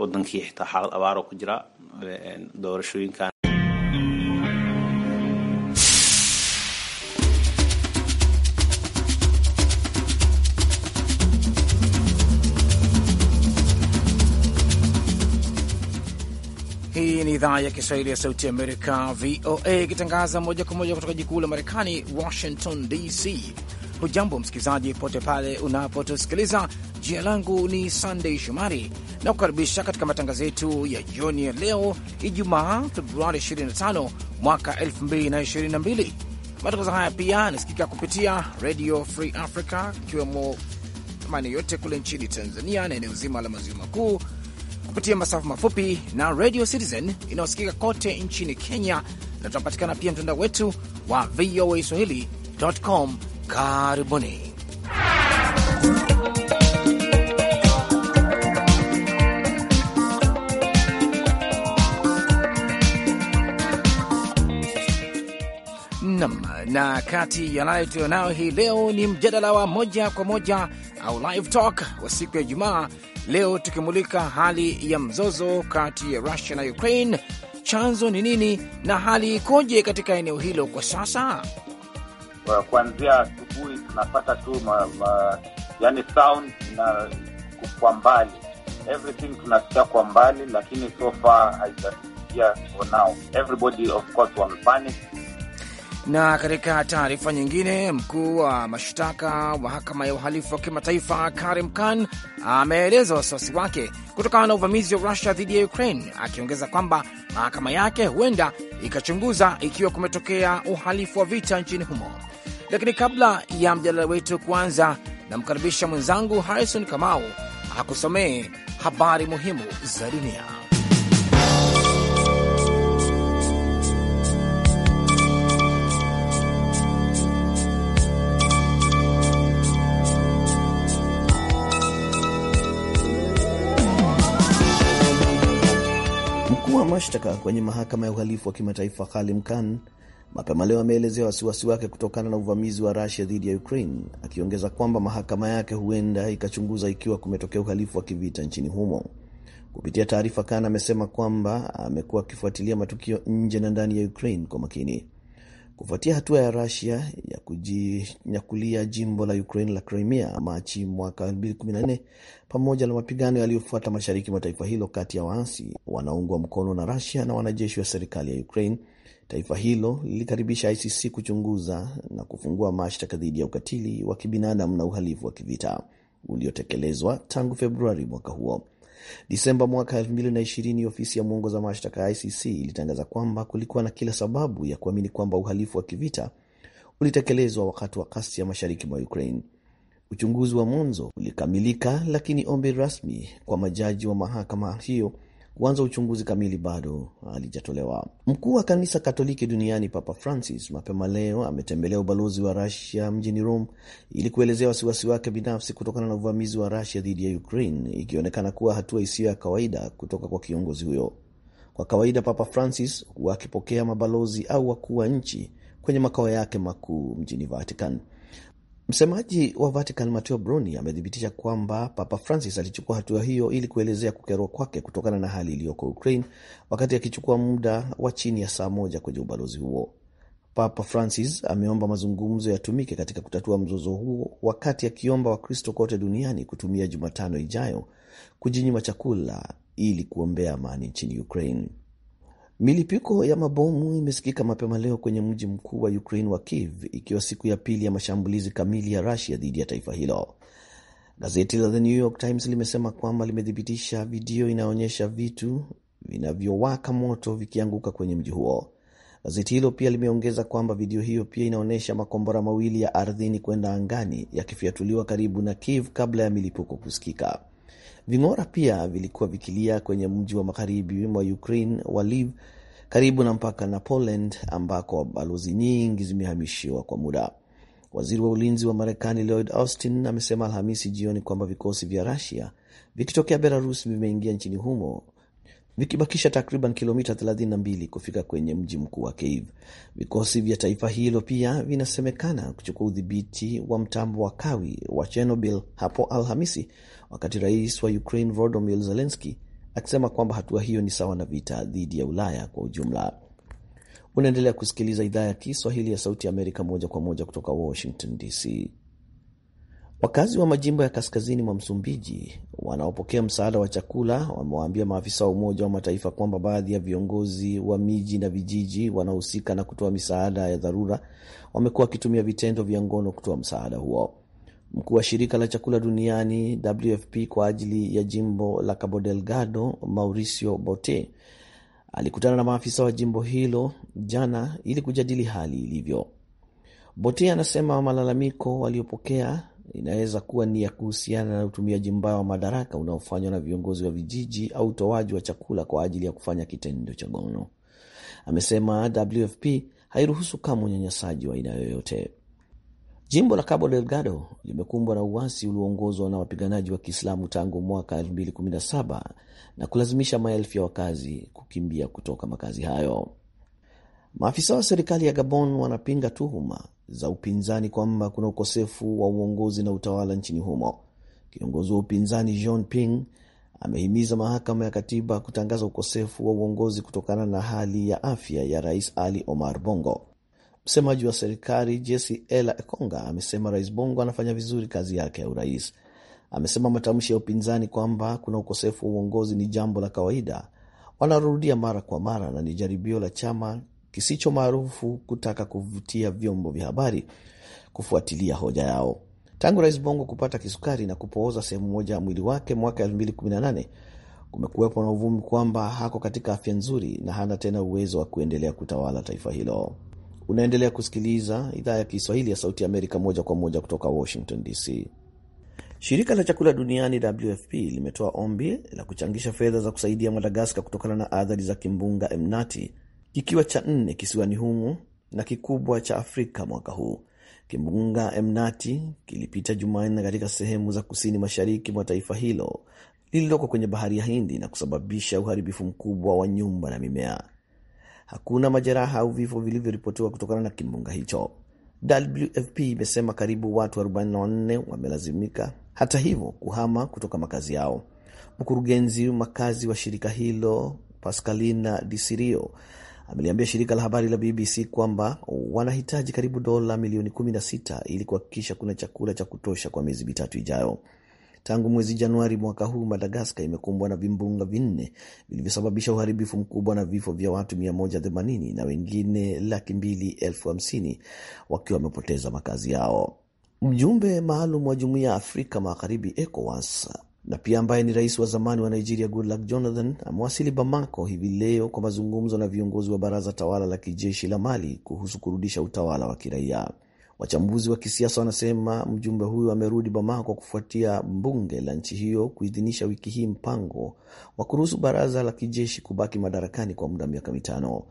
wadankii xitaa xaalad abaaro ku jira doorashooyinka Hii ni idhaa ya Kiswahili ya Sauti Amerika, VOA, ikitangaza moja kwa moja kutoka jikuu la Marekani, Washington DC. Hujambo msikilizaji, pote pale unapotusikiliza Jina langu ni Sandey Shomari na kukaribisha katika matangazo yetu ya jioni ya leo Ijumaa, Februari 25 mwaka 2022. Matangazo haya pia yanasikika kupitia Radio Free Africa, ikiwemo maeneo yote kule nchini Tanzania na eneo zima la maziwa makuu kupitia masafa mafupi na Radio Citizen inayosikika kote nchini Kenya, na tunapatikana pia mtandao wetu wa VOA Swahili.com. Karibuni na kati yanayo tulionayo hii leo ni mjadala wa moja kwa moja au live talk wa siku ya Ijumaa leo, tukimulika hali ya mzozo kati ya Russia na Ukraine. Chanzo ni nini na hali ikoje katika eneo hilo kwa sasa? Kuanzia asubuhi tunapata tu ma, ma, yani sound na kwa mbali everything tunasikia kwa mbali, lakini so far haijasikia for now, everybody of course wamepanic na katika taarifa nyingine, mkuu wa mashtaka wa mahakama ya uhalifu wa kimataifa Karim Khan ameeleza wasiwasi wake kutokana na uvamizi wa Rusia dhidi ya Ukraine, akiongeza kwamba mahakama yake huenda ikachunguza ikiwa kumetokea uhalifu wa vita nchini humo. Lakini kabla ya mjadala wetu kuanza, namkaribisha mwenzangu Harrison Kamau akusomee habari muhimu za dunia. mashtaka kwenye mahakama ya uhalifu wa kimataifa Halim Khan mapema leo ameelezea wasiwasi wake kutokana na uvamizi wa Rusia dhidi ya Ukraine, akiongeza kwamba mahakama yake huenda ikachunguza ikiwa kumetokea uhalifu wa kivita nchini humo. Kupitia taarifa, Khan amesema kwamba amekuwa akifuatilia matukio nje na ndani ya Ukraine kwa makini kufuatia hatua ya rasia ya kujinyakulia jimbo la Ukraine la Crimea Machi mwaka 2014 pamoja na mapigano yaliyofuata mashariki mwa taifa hilo kati ya waasi wanaungwa mkono na rasia na wanajeshi wa serikali ya Ukraine. Taifa hilo lilikaribisha ICC kuchunguza na kufungua mashtaka dhidi ya ukatili wa kibinadamu na uhalifu wa kivita uliotekelezwa tangu Februari mwaka huo disemba mwaka 2020, ofisi ya mwongoza mashtaka ya ICC ilitangaza kwamba kulikuwa na kila sababu ya kuamini kwamba uhalifu wa kivita ulitekelezwa wakati wa kasi ya mashariki mwa Ukraine. Uchunguzi wa mwanzo ulikamilika, lakini ombi rasmi kwa majaji wa mahakama hiyo kuanza uchunguzi kamili bado halijatolewa. Mkuu wa kanisa Katoliki duniani Papa Francis mapema leo ametembelea ubalozi wa Rusia mjini Rome ili kuelezea wasiwasi wake binafsi kutokana na uvamizi wa Rusia dhidi ya Ukraine, ikionekana kuwa hatua isiyo ya kawaida kutoka kwa kiongozi huyo. Kwa kawaida, Papa Francis huwa akipokea mabalozi au wakuu wa nchi kwenye makao yake makuu mjini Vatican. Msemaji wa Vatican Matteo Bruni amethibitisha kwamba Papa Francis alichukua hatua hiyo ili kuelezea kukerwa kwake kutokana na hali iliyoko Ukraine, wakati akichukua muda wa chini ya saa moja kwenye ubalozi huo. Papa Francis ameomba mazungumzo yatumike katika kutatua mzozo huo, wakati akiomba Wakristo kote duniani kutumia Jumatano ijayo kujinyima chakula ili kuombea amani nchini Ukraine. Milipuko ya mabomu imesikika mapema leo kwenye mji mkuu wa Ukraine wa Kiev, ikiwa siku ya pili ya mashambulizi kamili ya rusia dhidi ya taifa hilo. Gazeti la The New York Times limesema kwamba limethibitisha video inayoonyesha vitu vinavyowaka moto vikianguka kwenye mji huo. Gazeti hilo pia limeongeza kwamba video hiyo pia inaonyesha makombora mawili ya ardhini kwenda angani yakifyatuliwa karibu na Kiev kabla ya milipuko kusikika. Ving'ora pia vilikuwa vikilia kwenye mji wa magharibi mwa Ukraine wa Lviv karibu na mpaka na Poland ambako balozi nyingi zimehamishiwa kwa muda. Waziri wa ulinzi wa Marekani Lloyd Austin amesema Alhamisi jioni kwamba vikosi vya Rusia vikitokea Belarus vimeingia nchini humo vikibakisha takriban kilomita 32 kufika kwenye mji mkuu wa Kiev. Vikosi vya taifa hilo pia vinasemekana kuchukua udhibiti wa mtambo wa kawi wa Chernobyl hapo Alhamisi, wakati rais wa Ukraine Volodymyr Zelensky akisema kwamba hatua hiyo ni sawa na vita dhidi ya Ulaya kwa ujumla. Unaendelea kusikiliza idhaa ya Kiswahili ya Sauti ya Amerika moja kwa moja kutoka Washington DC. Wakazi wa majimbo ya kaskazini mwa Msumbiji wanaopokea msaada wa chakula wamewaambia maafisa wa Umoja wa Mataifa kwamba baadhi ya viongozi wa miji na vijiji wanaohusika na kutoa misaada ya dharura wamekuwa wakitumia vitendo vya ngono kutoa msaada huo mkuu wa shirika la chakula duniani WFP kwa ajili ya jimbo la Cabo Delgado, Mauricio Bote alikutana na maafisa wa jimbo hilo jana ili kujadili hali ilivyo. Bote anasema malalamiko waliopokea inaweza kuwa ni ya kuhusiana na utumiaji mbaya wa madaraka unaofanywa na viongozi wa vijiji au utoaji wa chakula kwa ajili ya kufanya kitendo cha ngono. Amesema WFP hairuhusu kama unyanyasaji wa aina yoyote. Jimbo la Cabo Delgado limekumbwa na uasi ulioongozwa na wapiganaji wa Kiislamu tangu mwaka 2017 na kulazimisha maelfu ya wakazi kukimbia kutoka makazi hayo. Maafisa wa serikali ya Gabon wanapinga tuhuma za upinzani kwamba kuna ukosefu wa uongozi na utawala nchini humo. Kiongozi wa upinzani Jean Ping amehimiza mahakama ya katiba kutangaza ukosefu wa uongozi kutokana na hali ya afya ya rais Ali Omar Bongo. Msemaji wa serikali Jesse Ela Ekonga amesema Rais Bongo anafanya vizuri kazi yake ya urais. Amesema matamshi ya upinzani kwamba kuna ukosefu wa uongozi ni jambo la kawaida wanarudia mara kwa mara na ni jaribio la chama kisicho maarufu kutaka kuvutia vyombo vya habari kufuatilia hoja yao. Tangu Rais Bongo kupata kisukari na kupooza sehemu moja ya mwili wake mwaka 2018 kumekuwepo na uvumi kwamba hako katika afya nzuri na hana tena uwezo wa kuendelea kutawala taifa hilo. Unaendelea kusikiliza idhaa ya Kiswahili ya Sauti Amerika moja kwa moja kutoka Washington DC. Shirika la chakula duniani WFP limetoa ombi la kuchangisha fedha za kusaidia Madagaskar kutokana na athari za kimbunga Emnati, kikiwa cha nne kisiwani humo na kikubwa cha Afrika mwaka huu. Kimbunga Emnati kilipita Jumanne katika sehemu za kusini mashariki mwa taifa hilo lililoko kwenye bahari ya Hindi na kusababisha uharibifu mkubwa wa nyumba na mimea. Hakuna majeraha au vifo vilivyoripotiwa kutokana na kimbunga hicho. WFP imesema karibu watu 44 wamelazimika hata hivyo kuhama kutoka makazi yao. Mkurugenzi makazi wa shirika hilo Pascalina Disirio ameliambia shirika la habari la BBC kwamba wanahitaji karibu dola milioni 16 ili kuhakikisha kuna chakula cha kutosha kwa miezi mitatu ijayo. Tangu mwezi Januari mwaka huu, Madagaskar imekumbwa na vimbunga vinne vilivyosababisha uharibifu mkubwa na vifo vya watu 180 na wengine laki mbili elfu hamsini wakiwa wamepoteza makazi yao. Mjumbe maalum wa Jumuiya ya Afrika Magharibi ECOWAS na pia ambaye ni rais wa zamani wa Nigeria Goodluck Jonathan amewasili Bamako hivi leo kwa mazungumzo na viongozi wa baraza tawala la kijeshi la Mali kuhusu kurudisha utawala wa kiraia. Wachambuzi wa kisiasa wanasema mjumbe huyo amerudi Bamako kufuatia bunge la nchi hiyo kuidhinisha wiki hii mpango wa kuruhusu baraza la kijeshi kubaki madarakani kwa muda wa miaka mitano.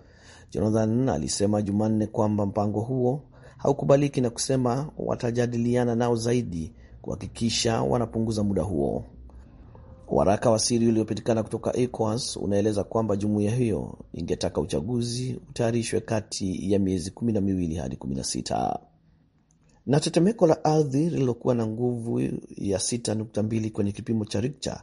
Jonathan alisema Jumanne kwamba mpango huo haukubaliki na kusema watajadiliana nao zaidi kuhakikisha wanapunguza muda huo. Waraka wa siri uliopatikana kutoka ECOWAS unaeleza kwamba jumuiya hiyo ingetaka uchaguzi utayarishwe kati ya miezi kumi na miwili hadi kumi na sita na tetemeko la ardhi lililokuwa na nguvu ya 6.2 kwenye kipimo cha Richter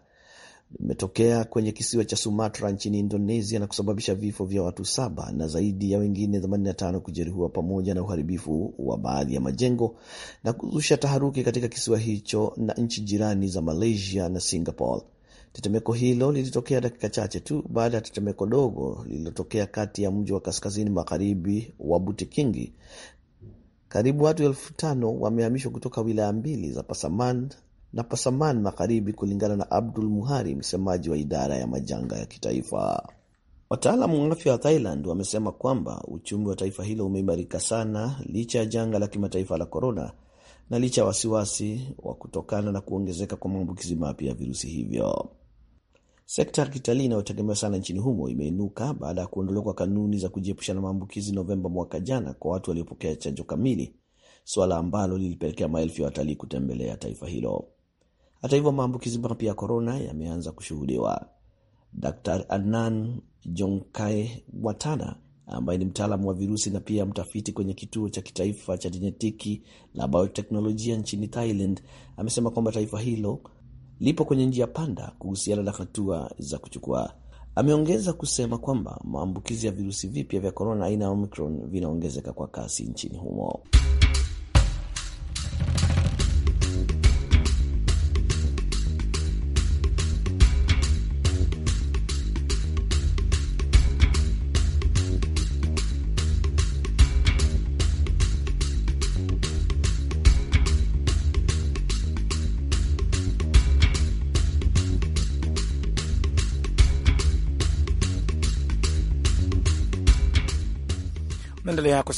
limetokea kwenye kisiwa cha Sumatra nchini Indonesia na kusababisha vifo vya watu saba na zaidi ya wengine 85 kujeruhiwa pamoja na uharibifu wa baadhi ya majengo na kuzusha taharuki katika kisiwa hicho na nchi jirani za Malaysia na Singapore. Tetemeko hilo lilitokea dakika chache tu baada ya tetemeko dogo lililotokea kati ya mji wa kaskazini magharibi wa Butikingi karibu watu elfu tano wamehamishwa kutoka wilaya mbili za Pasaman na Pasaman Magharibi kulingana na Abdul Muhari, msemaji wa idara ya majanga ya kitaifa. Wataalamu wa afya wa Thailand wamesema kwamba uchumi wa taifa hilo umeimarika sana licha ya janga la kimataifa la korona na licha ya wasiwasi wa kutokana na kuongezeka kwa maambukizi mapya ya virusi hivyo. Sekta ya kitalii inayotegemewa sana nchini humo imeinuka baada ya kuondolewa kwa kanuni za kujiepusha na maambukizi Novemba mwaka jana kwa watu waliopokea chanjo kamili, suala ambalo lilipelekea maelfu ya watalii kutembelea taifa hilo. Hata hivyo, maambukizi mapya ya korona yameanza kushuhudiwa. Dr. Adnan Jonkae Watana ambaye ni mtaalamu wa virusi na pia mtafiti kwenye kituo cha kitaifa cha jenetiki na bioteknolojia nchini Thailand amesema kwamba taifa hilo lipo kwenye njia panda kuhusiana na hatua za kuchukua. Ameongeza kusema kwamba maambukizi ya virusi vipya vya korona aina ya Omicron vinaongezeka kwa kasi nchini humo.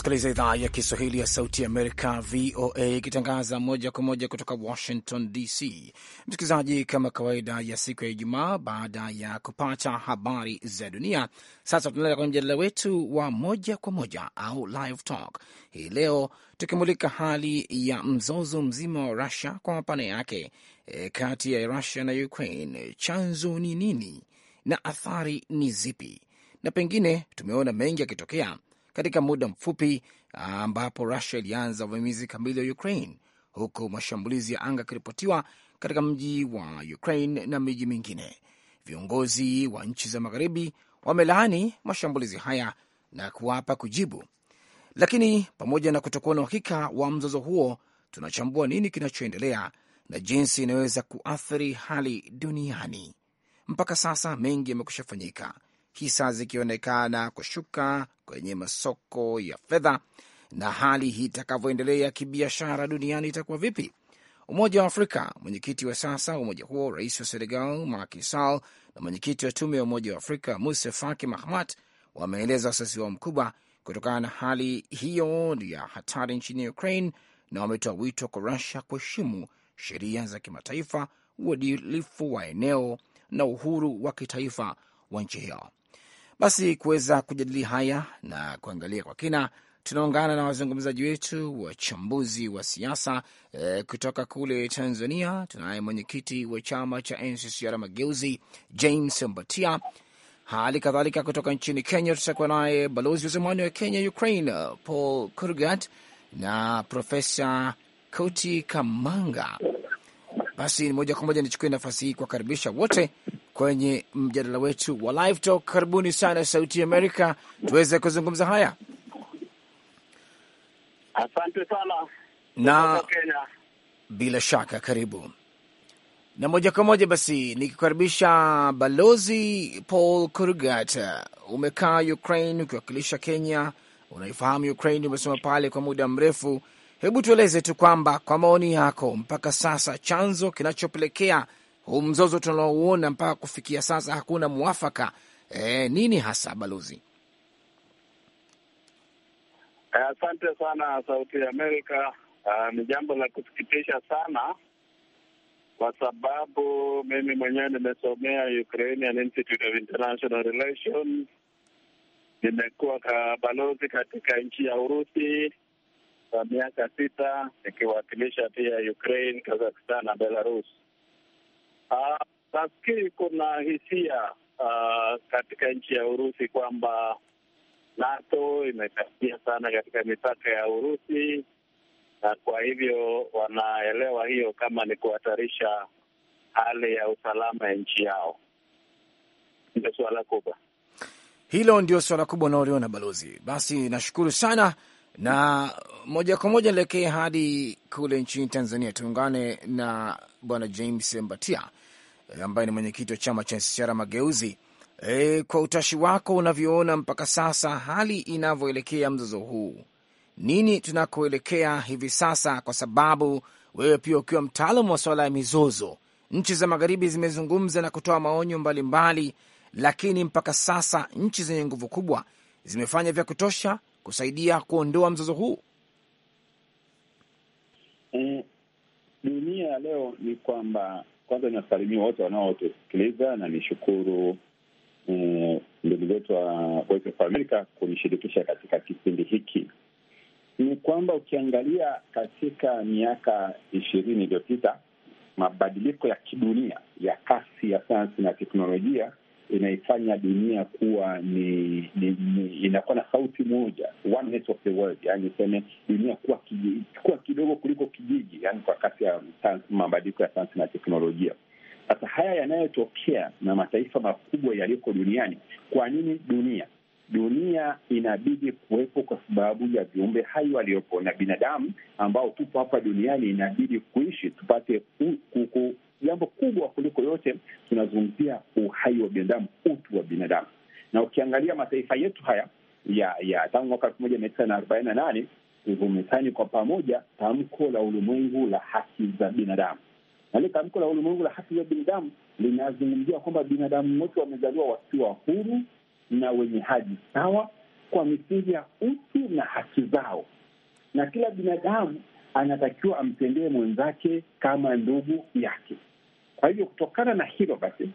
unasikiliza idhaa ya Kiswahili ya Sauti Amerika, VOA, ikitangaza moja kwa moja kutoka Washington DC. Msikilizaji, kama kawaida ya siku ya Ijumaa, baada ya kupata habari za dunia, sasa tunaenda kwenye mjadala wetu wa moja kwa moja au live talk hii leo, tukimulika hali ya mzozo mzima wa Rusia kwa mapana yake, e, kati ya Rusia na Ukraine. Chanzo ni nini na athari ni zipi? Na pengine tumeona mengi yakitokea katika muda mfupi ambapo Rusia ilianza uvamizi kamili wa Ukraine, huku mashambulizi ya anga yakiripotiwa katika mji wa Ukraine na miji mingine. Viongozi wa nchi za magharibi wamelaani mashambulizi haya na kuwapa kujibu. Lakini pamoja na kutokuwa na uhakika wa mzozo huo, tunachambua nini kinachoendelea na jinsi inaweza kuathiri hali duniani. Mpaka sasa mengi yamekusha fanyika hisa zikionekana kushuka kwenye masoko ya fedha. Na hali hii itakavyoendelea kibiashara duniani itakuwa vipi? Umoja wa Afrika, mwenyekiti wa sasa umoja huo, rais wa Senegal Macky Sall na mwenyekiti wa tume ya Umoja wa Afrika Musa Faki Mahamat wameeleza wasiwasi wao mkubwa kutokana na hali hiyo ya hatari nchini Ukraine, na wametoa wito kwa Rusia kuheshimu sheria za kimataifa, uadilifu wa eneo na uhuru wa kitaifa wa nchi hiyo. Basi kuweza kujadili haya na kuangalia kwa kina, tunaungana na wazungumzaji wetu wachambuzi wa siasa e, kutoka kule Tanzania. Tunaye mwenyekiti wa chama cha NCCR Mageuzi, James Mbatia. Hali kadhalika kutoka nchini Kenya tutakuwa naye balozi wa zamani wa Kenya Ukraine, Paul Kurgat na Profesa Koti Kamanga. Basi moja kwa moja nichukue nafasi hii kuwakaribisha wote kwenye mjadala wetu wa Live Talk. Karibuni sana Sauti Amerika tuweze kuzungumza haya. Asante sana na Bila shaka karibu na moja kwa moja basi nikikaribisha Balozi Paul Kurgat. Umekaa Ukraine ukiwakilisha Kenya, unaifahamu Ukraine, umesoma pale kwa muda mrefu. Hebu tueleze tu kwamba kwa maoni yako, mpaka sasa chanzo kinachopelekea huu mzozo tunaouona mpaka kufikia sasa hakuna mwafaka e, nini hasa balozi? E, asante sana Sauti ya Amerika. Uh, ni jambo la kusikitisha sana kwa sababu mimi mwenyewe nimesomea Ukrainian Institute of International Relations, nimekuwa ka balozi katika nchi ya Urusi kwa miaka sita nikiwakilisha pia Ukraine, Kazakhstan na Belarus. Uh, kuna hisia uh, katika nchi ya Urusi kwamba NATO imekaribia sana katika mipaka ya Urusi na kwa hivyo wanaelewa hiyo kama ni kuhatarisha hali ya usalama ya nchi yao. Ndio suala kubwa hilo, ndio suala kubwa unaoliona balozi. Basi nashukuru sana, na moja kwa moja nielekee hadi kule nchini Tanzania, tuungane na bwana James Mbatia eh, ambaye ni mwenyekiti wa chama cha NCCR Mageuzi. E, kwa utashi wako unavyoona mpaka sasa hali inavyoelekea mzozo huu, nini tunakoelekea hivi sasa? Kwa sababu wewe pia ukiwa mtaalamu wa swala ya mizozo, nchi za magharibi zimezungumza na kutoa maonyo mbalimbali mbali, lakini mpaka sasa nchi zenye nguvu kubwa zimefanya vya kutosha kusaidia kuondoa mzozo huu? Mm, dunia ya leo ni kwamba kwanza, niwasalimia wote wanaotusikiliza na nishukuru eh, ndugu zetu wa Voice of America kunishirikisha katika kipindi hiki. Ni kwamba ukiangalia katika miaka ishirini iliyopita mabadiliko ya kidunia ya kasi ya sayansi na teknolojia inaifanya dunia kuwa ni, ni, ni inakuwa na sauti moja, oneness of the world, yani seme dunia kuwa, kuwa kidogo kuliko kijiji, yani kwa kasi ya mabadiliko ya sayansi na teknolojia. Sasa haya yanayotokea na mataifa makubwa yaliyoko duniani, kwa nini dunia dunia inabidi kuwepo kwa sababu ya viumbe hai waliopo na binadamu ambao tupo hapa duniani, inabidi kuishi tupate jambo kubwa kuliko yote, tunazungumzia uhai wa binadamu, utu wa binadamu. Na ukiangalia mataifa yetu haya ya ya tangu mwaka elfu moja mia tisa na arobaini na nane tulivomesaini kwa pamoja tamko la ulimwengu la haki za binadamu, na lile tamko la ulimwengu la haki za binadamu linazungumzia kwamba binadamu wote wamezaliwa wakiwa huru na wenye hadhi sawa kwa misingi ya utu na haki zao, na kila binadamu anatakiwa amtendee mwenzake kama ndugu yake. Kwa hivyo kutokana na hilo basi,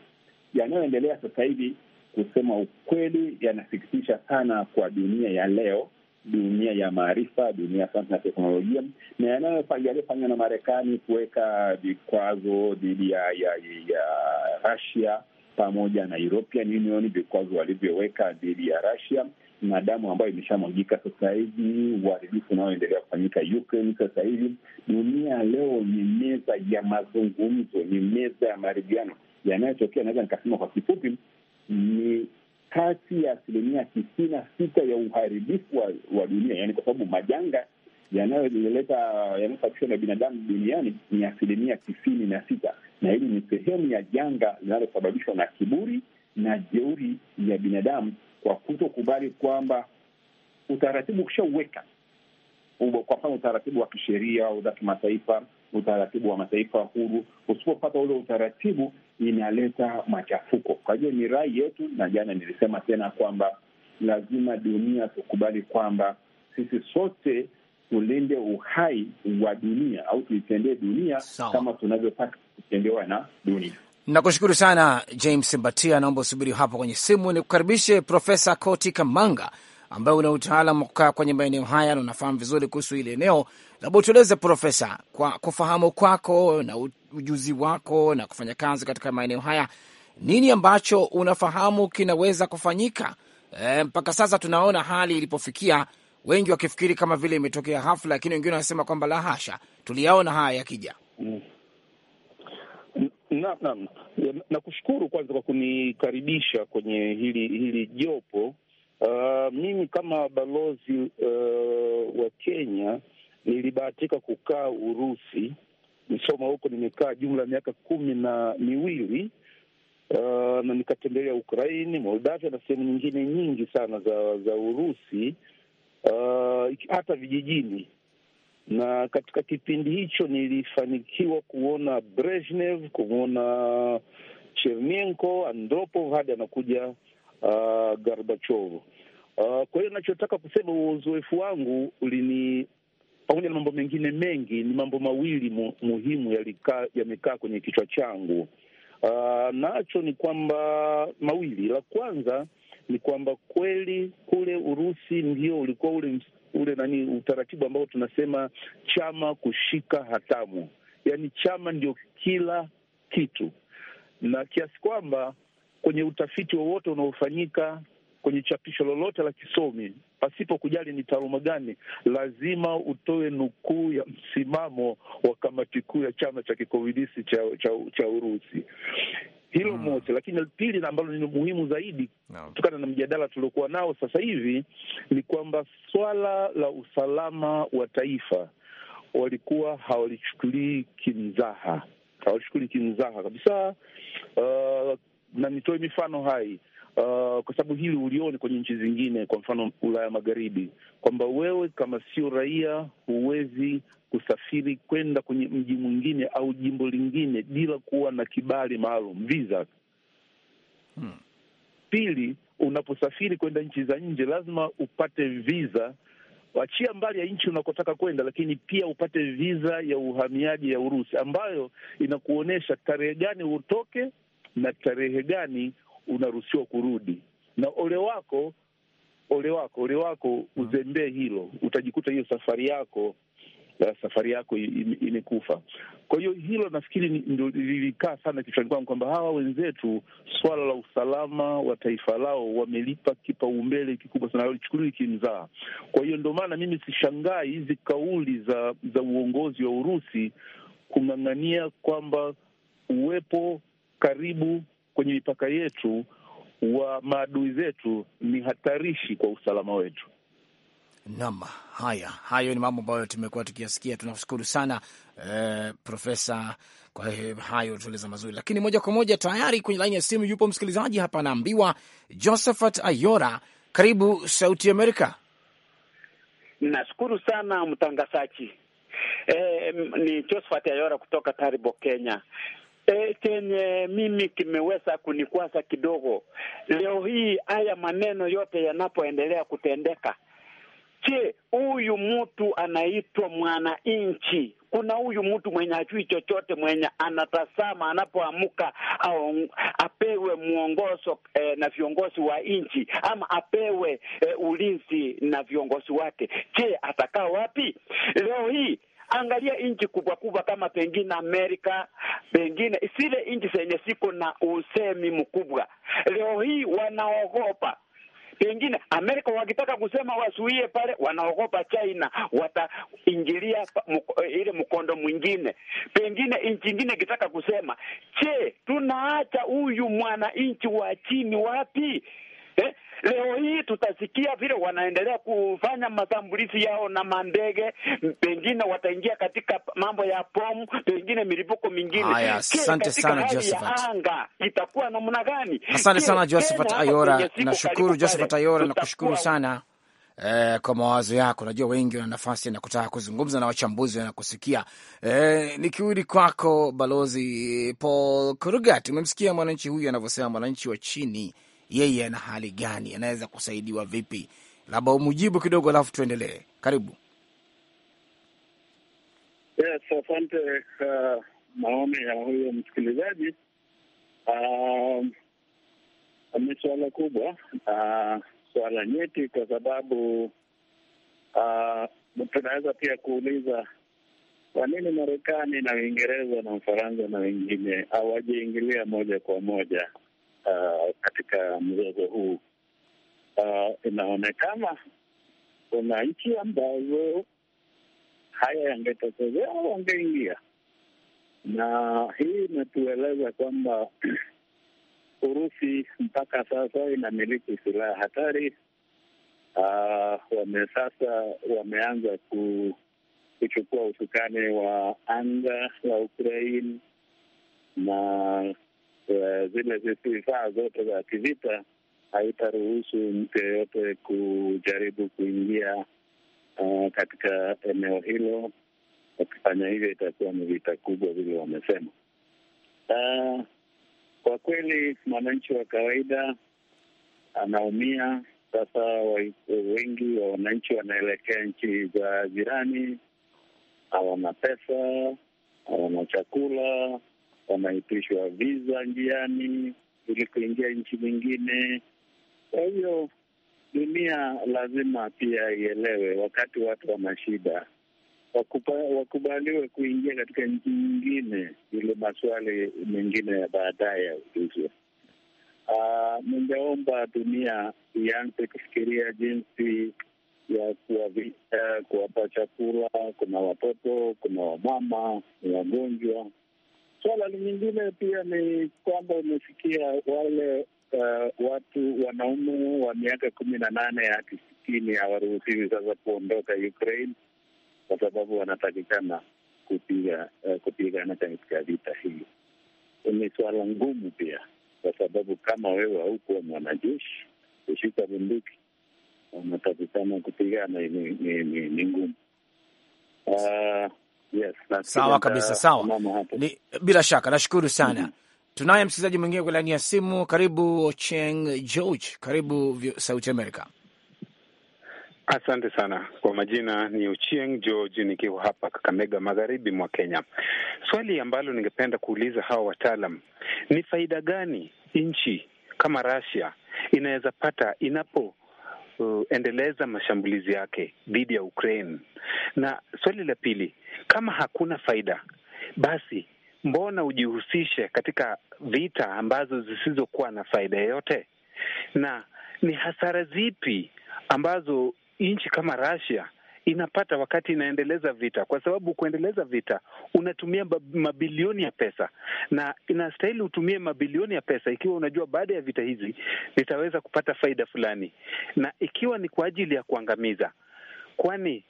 yanayoendelea sasa hivi, kusema ukweli, yanasikitisha sana kwa dunia ya leo, dunia ya maarifa, dunia ya sayansi na teknolojia, na yaliyofanywa na Marekani kuweka vikwazo dhidi ya, ya, ya Russia pamoja na European Union, vikwazo walivyoweka dhidi ya Russia na damu ambayo imeshamwagika sasa hivi, uharibifu unaoendelea kufanyika Ukraine sasa hivi. Dunia leo ni meza ya mazungumzo, ni meza ya maridhiano. Yanayotokea naweza nikasema kwa kifupi ni kati ya asilimia tisini na sita ya uharibifu wa, wa dunia, yaani kwa sababu majanga yanayoleta yanayosababishwa na binadamu duniani ni asilimia tisini na sita na hili ni sehemu ya janga linalosababishwa na kiburi na jeuri ya binadamu kwa kutokubali kwamba utaratibu ukishauweka, kwa mfano utaratibu wa kisheria za kimataifa, utaratibu wa mataifa huru, usipopata ule utaratibu inaleta machafuko. Kwa hiyo ni rai yetu, na jana nilisema tena kwamba lazima dunia tukubali kwamba sisi sote tulinde uhai wa dunia au tuitendee dunia Sao, kama tunavyopata kutendewa na dunia. Nakushukuru sana James Mbatia, naomba usubiri hapo kwenye simu. Nikukaribishe Profesa Koti Kamanga ambaye una utaalam wa kukaa kwenye maeneo haya na unafahamu vizuri kuhusu hili eneo. Labda utueleze Profesa, kwa kufahamu kwako na ujuzi wako na kufanya kazi katika maeneo haya, nini ambacho unafahamu kinaweza kufanyika? E, mpaka sasa tunaona hali ilipofikia, wengi wakifikiri kama vile imetokea hafla, lakini wengine wanasema kwamba la hasha, tuliyaona haya yakija. mm. Naam, naam, nakushukuru kwanza kwa kunikaribisha kwenye hili hili jopo. Uh, mimi kama balozi uh, wa Kenya nilibahatika kukaa Urusi, nisoma huko, nimekaa jumla ya miaka kumi na miwili uh, na nikatembelea Ukraini, Moldavia na sehemu nyingine nyingi sana za za Urusi uh, hata vijijini na katika kipindi hicho nilifanikiwa kuona Brezhnev, kumwona Chernenko, Andropov hadi anakuja uh, Gorbachev. Uh, kwa hiyo nachotaka kusema uzoefu wangu ulini, pamoja na mambo mengine mengi, ni mambo mawili mu, muhimu yamekaa kwenye kichwa changu. Uh, nacho ni kwamba mawili, la kwanza ni kwamba kweli kule Urusi ndio ulikuwa ule ule nani utaratibu ambao tunasema chama kushika hatamu, yaani chama ndio kila kitu, na kiasi kwamba kwenye utafiti wowote unaofanyika kwenye chapisho lolote la kisomi, pasipo kujali ni taaluma gani, lazima utoe nukuu ya msimamo wa kamati kuu ya chama cha kikomunisti cha, cha, cha Urusi hilo mm. moja, lakini pili ambalo ni muhimu zaidi kutokana no. na mjadala tuliokuwa nao sasa hivi ni kwamba swala la usalama wa taifa walikuwa hawalichukulii kimzaha, hawalichukulii kimzaha kabisa. Uh, na nitoe mifano hai uh, kwa sababu hili ulioni kwenye nchi zingine, kwa mfano Ulaya Magharibi, kwamba wewe kama sio raia huwezi kusafiri kwenda kwenye mji mwingine au jimbo lingine bila kuwa na kibali maalum visa. Hmm. Pili, unaposafiri kwenda nchi za nje lazima upate visa, wachia mbali ya nchi unakotaka kwenda, lakini pia upate visa ya uhamiaji ya Urusi ambayo inakuonyesha tarehe gani utoke na tarehe gani unaruhusiwa kurudi, na ole wako ole wako ole wako hmm. uzembee hilo, utajikuta hiyo safari yako Eh, safari yako imekufa. Kwa hiyo hilo nafikiri ndio lilikaa sana kichwani kwangu kwamba hawa wenzetu swala la usalama wa taifa lao wamelipa kipaumbele kikubwa sana, halichukuliwi kimzaa. Kwa hiyo ndio maana mimi sishangai hizi kauli za, za uongozi wa Urusi kung'ang'ania kwamba uwepo karibu kwenye mipaka yetu wa maadui zetu ni hatarishi kwa usalama wetu. Nam, haya hayo ni mambo ambayo tumekuwa tukiyasikia. Tunashukuru sana eh, Profesa kwa hayo tueleza mazuri, lakini moja kwa moja tayari kwenye laini ya simu yupo msikilizaji hapa, anaambiwa Josephat Ayora, karibu Sauti Amerika. Nashukuru sana mtangazaji. Eh, ni Josephat Ayora kutoka Taribo, Kenya. E, chenye mimi kimeweza kunikwaza kidogo leo hii, haya maneno yote yanapoendelea kutendeka Je, huyu mtu anaitwa mwananchi? Kuna huyu mtu mwenye ajui chochote, mwenye anatazama anapoamka apewe mwongozo eh, na viongozi wa nchi ama apewe eh, ulinzi na viongozi wake. Je, atakaa wapi leo hii? Angalia nchi kubwa kubwa kama pengine Amerika, pengine zile nchi zenye ziko na usemi mkubwa, leo hii wanaogopa Pengine Amerika wakitaka kusema wasuie pale, wanaogopa China wataingilia eh, ile mkondo mwingine. Pengine nchi ingine ikitaka kusema, je, tunaacha huyu mwananchi wa chini wapi? Leo hii tutasikia vile wanaendelea kufanya mashambulizi yao na mandege, pengine wataingia katika mambo ya bomu, pengine milipuko mingine. Asante sana Josephat, anga itakuwa namna gani? Asante sana Josephat Ayora, nashukuru Josephat Ayora, nakushukuru sana Eh, kwa mawazo yako, najua wengi wana nafasi na kutaka kuzungumza na wachambuzi na kusikia. Eh, nikirudi kwako Balozi Paul Kurugat, umemsikia mwananchi huyu anavyosema, mwananchi wa chini yeye ana hali gani, anaweza kusaidiwa vipi? Labda umujibu kidogo, alafu tuendelee. Karibu. Yes, asante uh, maoni ya huyo msikilizaji uh, ni suala kubwa uh, suala nyeti, kwa sababu uh, tunaweza pia kuuliza kwa nini Marekani na Uingereza na Ufaransa na wengine hawajaingilia moja kwa moja uh, katika mzozo huu uh, inaonekana kuna nchi ambazo haya yangetokezea wangeingia, na hii imetueleza kwamba Urusi mpaka sasa inamiliki silaha hatari. Uh, wame sasa wameanza ku, kuchukua usukani wa anga la Ukraine na Eh, zile vifaa zote za kivita, haitaruhusu mtu yeyote kujaribu kuingia uh, katika eneo hilo. Wakifanya hivyo itakuwa ni vita kubwa vile wamesema. Uh, kwa kweli mwananchi wa kawaida anaumia. Sasa wengi wa wananchi wanaelekea nchi za jirani, hawana pesa, hawana chakula wanaitishwa viza njiani ili kuingia nchi nyingine. Kwa hiyo dunia lazima pia ielewe, wakati watu wana shida wakubaliwe kuingia katika nchi nyingine, ili maswali mengine ya baadaye yaulizwe. Ah, ningeomba dunia ianze kufikiria jinsi ya kuwavita, kuwapa chakula. Kuna watoto, kuna wamama wagonjwa Swala lingine pia ni kwamba umesikia wale uh, watu wanaume wa miaka kumi na nane hadi sitini hawaruhusiwi sasa kuondoka Ukraine kwa sababu wanatakikana kupiga uh, kupigana katika vita hii. Ni swala ngumu pia, kwa sababu kama wewe haukuwa mwanajeshi kushika bunduki wanatakikana kupigana, ni, ni ngumu uh, Yes, sawa kabisa, sawa ni, bila shaka nashukuru sana mm -hmm. Tunaye msikilizaji mwingine kwa laini ya simu. Karibu Ocheng George, karibu Sauti Amerika. Asante sana kwa majina, ni Uchieng George nikiwa hapa Kakamega, magharibi mwa Kenya. Swali ambalo ningependa kuuliza hawa wataalam ni faida gani nchi kama Russia inaweza pata inapoendeleza uh, mashambulizi yake dhidi ya Ukraine, na swali la pili kama hakuna faida, basi mbona ujihusishe katika vita ambazo zisizokuwa na faida yoyote? Na ni hasara zipi ambazo nchi kama Russia inapata wakati inaendeleza vita? Kwa sababu kuendeleza vita unatumia mabilioni ya pesa, na inastahili utumie mabilioni ya pesa ikiwa unajua baada ya vita hizi nitaweza kupata faida fulani, na ikiwa ni kwa ajili ya kuangamiza, kwani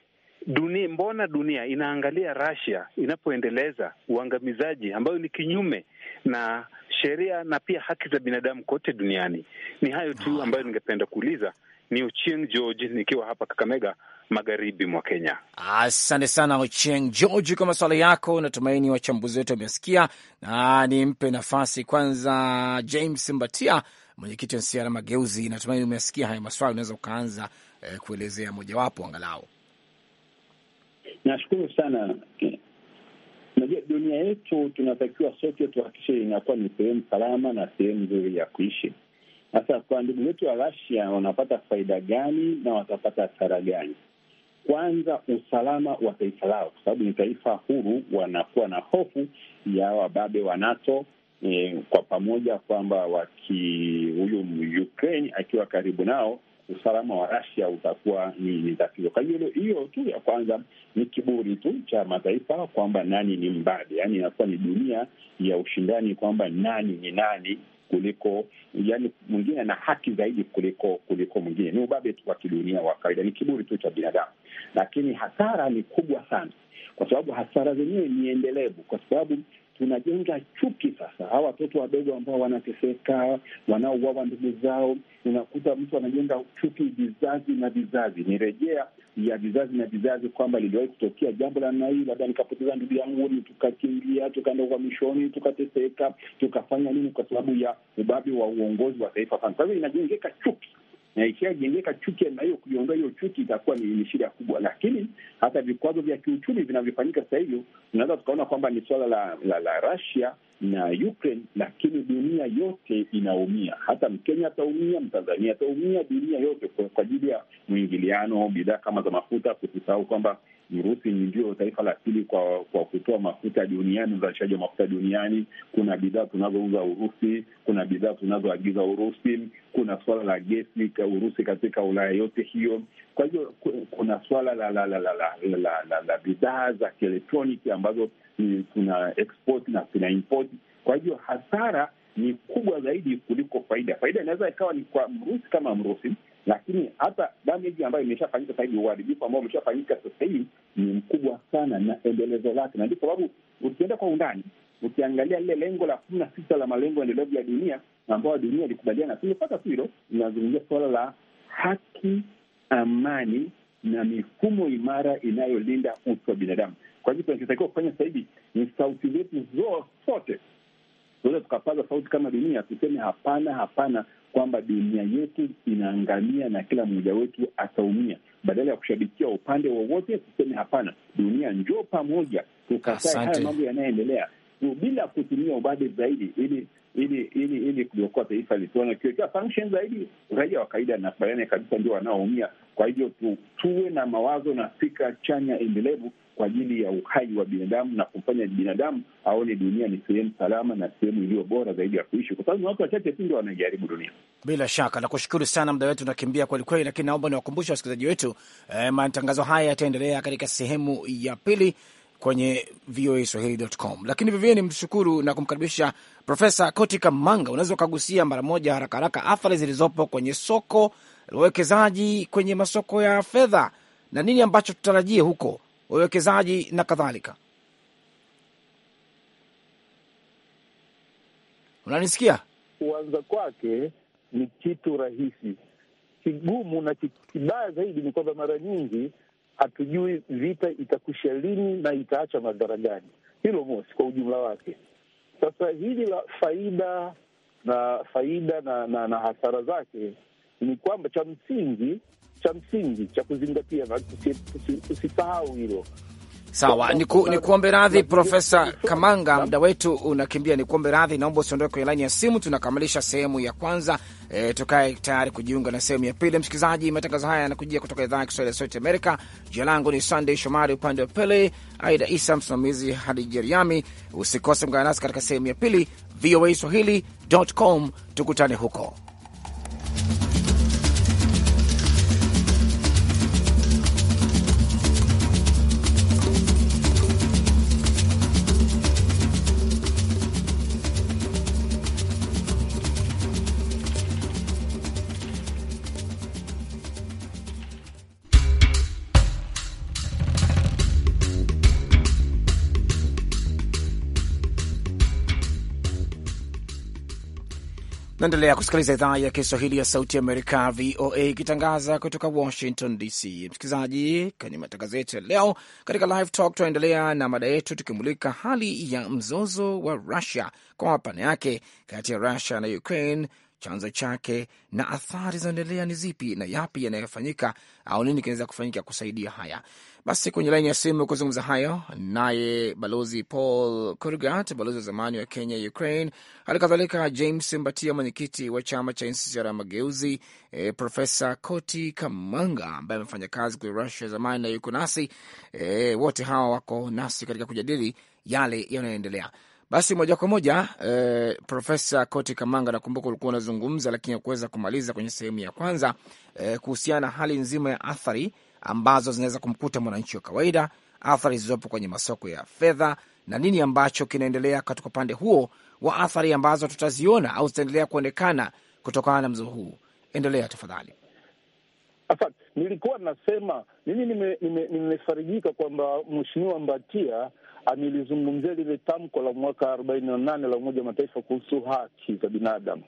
dunia, mbona dunia inaangalia Russia inapoendeleza uangamizaji ambayo ni kinyume na sheria na pia haki za binadamu kote duniani? Ni hayo tu ah. ambayo ningependa kuuliza. Ni Ochieng George nikiwa hapa Kakamega, magharibi mwa Kenya. Asante sana Ochieng George kwa maswala yako. Natumaini wachambuzi wetu wamesikia, na nimpe nafasi kwanza James Mbatia, mwenyekiti wa NCCR Mageuzi. Natumaini umesikia haya maswala, unaweza ukaanza eh, kuelezea mojawapo angalau. Nashukuru sana. Unajua, dunia yetu tunatakiwa sote tuhakikishe inakuwa ni sehemu salama na sehemu nzuri ya kuishi. Sasa kwa ndugu zetu wa Rasia wanapata faida gani na watapata hasara gani? Kwanza, usalama wa taifa lao, kwa sababu ni taifa huru, wanakuwa na hofu ya wababe wa NATO eh, kwa pamoja kwamba waki huyu Ukraine akiwa karibu nao usalama wa Rasia utakuwa ni, ni tatizo. Kwa hiyo hiyo tu ya kwanza ni kiburi tu cha mataifa kwamba nani ni mbabe, yaani inakuwa ni dunia ya ushindani kwamba nani ni nani kuliko yani, mwingine ana haki zaidi kuliko kuliko mwingine. Ni ubabe tu wa kidunia wa kawaida, ni kiburi tu cha binadamu, lakini hasara ni kubwa sana, kwa sababu hasara zenyewe ni endelevu, kwa sababu tunajenga chuki sasa. Hawa watoto wadogo ambao wanateseka, wanaouawa ndugu zao, unakuta mtu anajenga chuki vizazi na vizazi. Ni rejea ya vizazi na vizazi kwamba liliwahi kutokea jambo la namna hii, labda nikapoteza ndugu yangu, tukakimbia tukaenda uhamishoni, tukateseka, tukafanya nini, kwa sababu ya ubabe wa uongozi wa taifa. Kwa hivyo inajengeka chuki na ikishajengeka chuki na hiyo, kuiondoa hiyo chuki itakuwa ni shida kubwa. Lakini hata vikwazo vya kiuchumi vinavyofanyika sasa hivyo tunaweza tukaona kwamba ni suala la, la, la Russia na Ukraine, lakini dunia yote inaumia. Hata Mkenya ataumia, Mtanzania ataumia, dunia yote kwa ajili ya mwingiliano bidhaa kama za mafuta, kusisahau kwamba Urusi ndio taifa la pili kwa kwa kutoa mafuta duniani, uzalishaji wa mafuta duniani. Kuna bidhaa tunazouza Urusi, kuna bidhaa tunazoagiza Urusi, kuna suala la gesi ka Urusi katika Ulaya yote hiyo. Kwa hivyo kuna suala la la la la la la la la la bidhaa za kielektroniki ambazo tuna export na tuna import. Kwa hivyo hasara ni kubwa zaidi kuliko faida. Faida inaweza ikawa ni kwa mrusi kama mrusi lakini hata damage ambayo imeshafanyika sasa hivi, uharibifu ambao umeshafanyika sasa hivi ni mkubwa sana, na endelezo lake, na ndio sababu ukienda kwa undani ukiangalia lile lengo la kumi na sita la malengo endelevu ya dunia ambayo dunia ilikubaliana tumepata tu hilo, linazungumzia suala la haki, amani na mifumo imara inayolinda utu wa binadamu. Kwa hivyo tunachotakiwa kufanya sasa hivi ni sauti zetu zote tuweze tukapaza sauti kama dunia, tuseme hapana, hapana kwamba dunia yetu inaangamia na kila mmoja wetu ataumia, badala ya kushabikia upande wowote, tuseme hapana, dunia njoo pamoja, tukatae haya mambo yanayoendelea bila kutumia ubabe zaidi, ili ili ili ili kuliokoa taifa lituona kiwekea function zaidi, raia wa kawaida nakubaliana kabisa ndio wanaoumia. Kwa hivyo tu, tuwe na mawazo na fikra chanya endelevu kwa ajili ya uhai wa binadamu na kumfanya binadamu aone dunia ni sehemu salama na sehemu iliyo bora zaidi ya kuishi, kwa sababu ni watu wachache tu ndio wanajaribu dunia. Bila shaka nakushukuru sana, muda wetu unakimbia kwelikweli, lakini naomba niwakumbushe wasikilizaji wetu eh, matangazo haya yataendelea katika sehemu ya pili kwenye VOA Swahili.com. Lakini vivie ni mshukuru na kumkaribisha Profesa Kotika Manga. Unaweza ukagusia mara moja haraka haraka athari zilizopo kwenye soko la uwekezaji kwenye masoko ya fedha na nini ambacho tutarajie huko wawekezaji na kadhalika. Unanisikia? Kuanza kwake ni kitu rahisi. Kigumu na kibaya zaidi ni kwamba mara nyingi hatujui vita itakusha lini na itaacha madhara gani. Hilo mosi, kwa ujumla wake. Sasa hili la faida na faida na, na, na hasara zake ni kwamba cha msingi cha msingi cha kuzingatia, usisahau hilo. Sawa, nikuombe radhi Profesa Kamanga, muda wetu unakimbia. Nikuombe radhi, naomba usiondoke kwenye laini ya simu. Tunakamilisha sehemu ya kwanza e, tukae tayari kujiunga na sehemu ya pili. Msikilizaji, matangazo haya yanakujia kutoka idhaa ya Kiswahili ya Sauti Amerika. Jina langu ni sandey Shomari, upande wa Pele Aida Isa, msimamizi hadi Jeriami. Usikose kuungana nasi katika sehemu ya pili, VOA Swahili.com. Tukutane huko. Naendelea kusikiliza idhaa ya Kiswahili ya Sauti Amerika, VOA, ikitangaza kutoka Washington DC. Msikilizaji, kwenye matangazo yetu ya leo katika Live Talk tunaendelea na mada yetu tukimulika hali ya mzozo wa Rusia kwa mapana yake kati ya Rusia na Ukraine, chanzo chake na athari zinaendelea ni zipi, na yapi yanayofanyika au nini kinaweza kufanyika kusaidia haya. Basi kwenye laini ya simu kuzungumza hayo naye balozi Paul Kurgat, balozi wa zamani wa Kenya Ukraine, hali kadhalika James Mbatia, mwenyekiti wa chama cha NCCR Mageuzi, e, Profesa Koti Kamanga ambaye amefanya kazi kule Russia zamani na yuko nasi e, wote hawa wako nasi katika kujadili yale yanayoendelea. Basi moja kwa moja e, Profesa Koti Kamanga, nakumbuka ulikuwa unazungumza lakini akuweza kumaliza kwenye sehemu ya kwanza e, kuhusiana na hali nzima ya athari ambazo zinaweza kumkuta mwananchi wa kawaida, athari zilizopo kwenye masoko ya fedha na nini ambacho kinaendelea katika upande huo wa athari ambazo tutaziona au zitaendelea kuonekana kutokana na mzozo huu. Endelea tafadhali. Asante. Nilikuwa nasema mimi nimefarijika nime, kwamba Mheshimiwa Mbatia amelizungumzia lile tamko la mwaka arobaini na nane la Umoja wa Mataifa kuhusu haki za binadamu,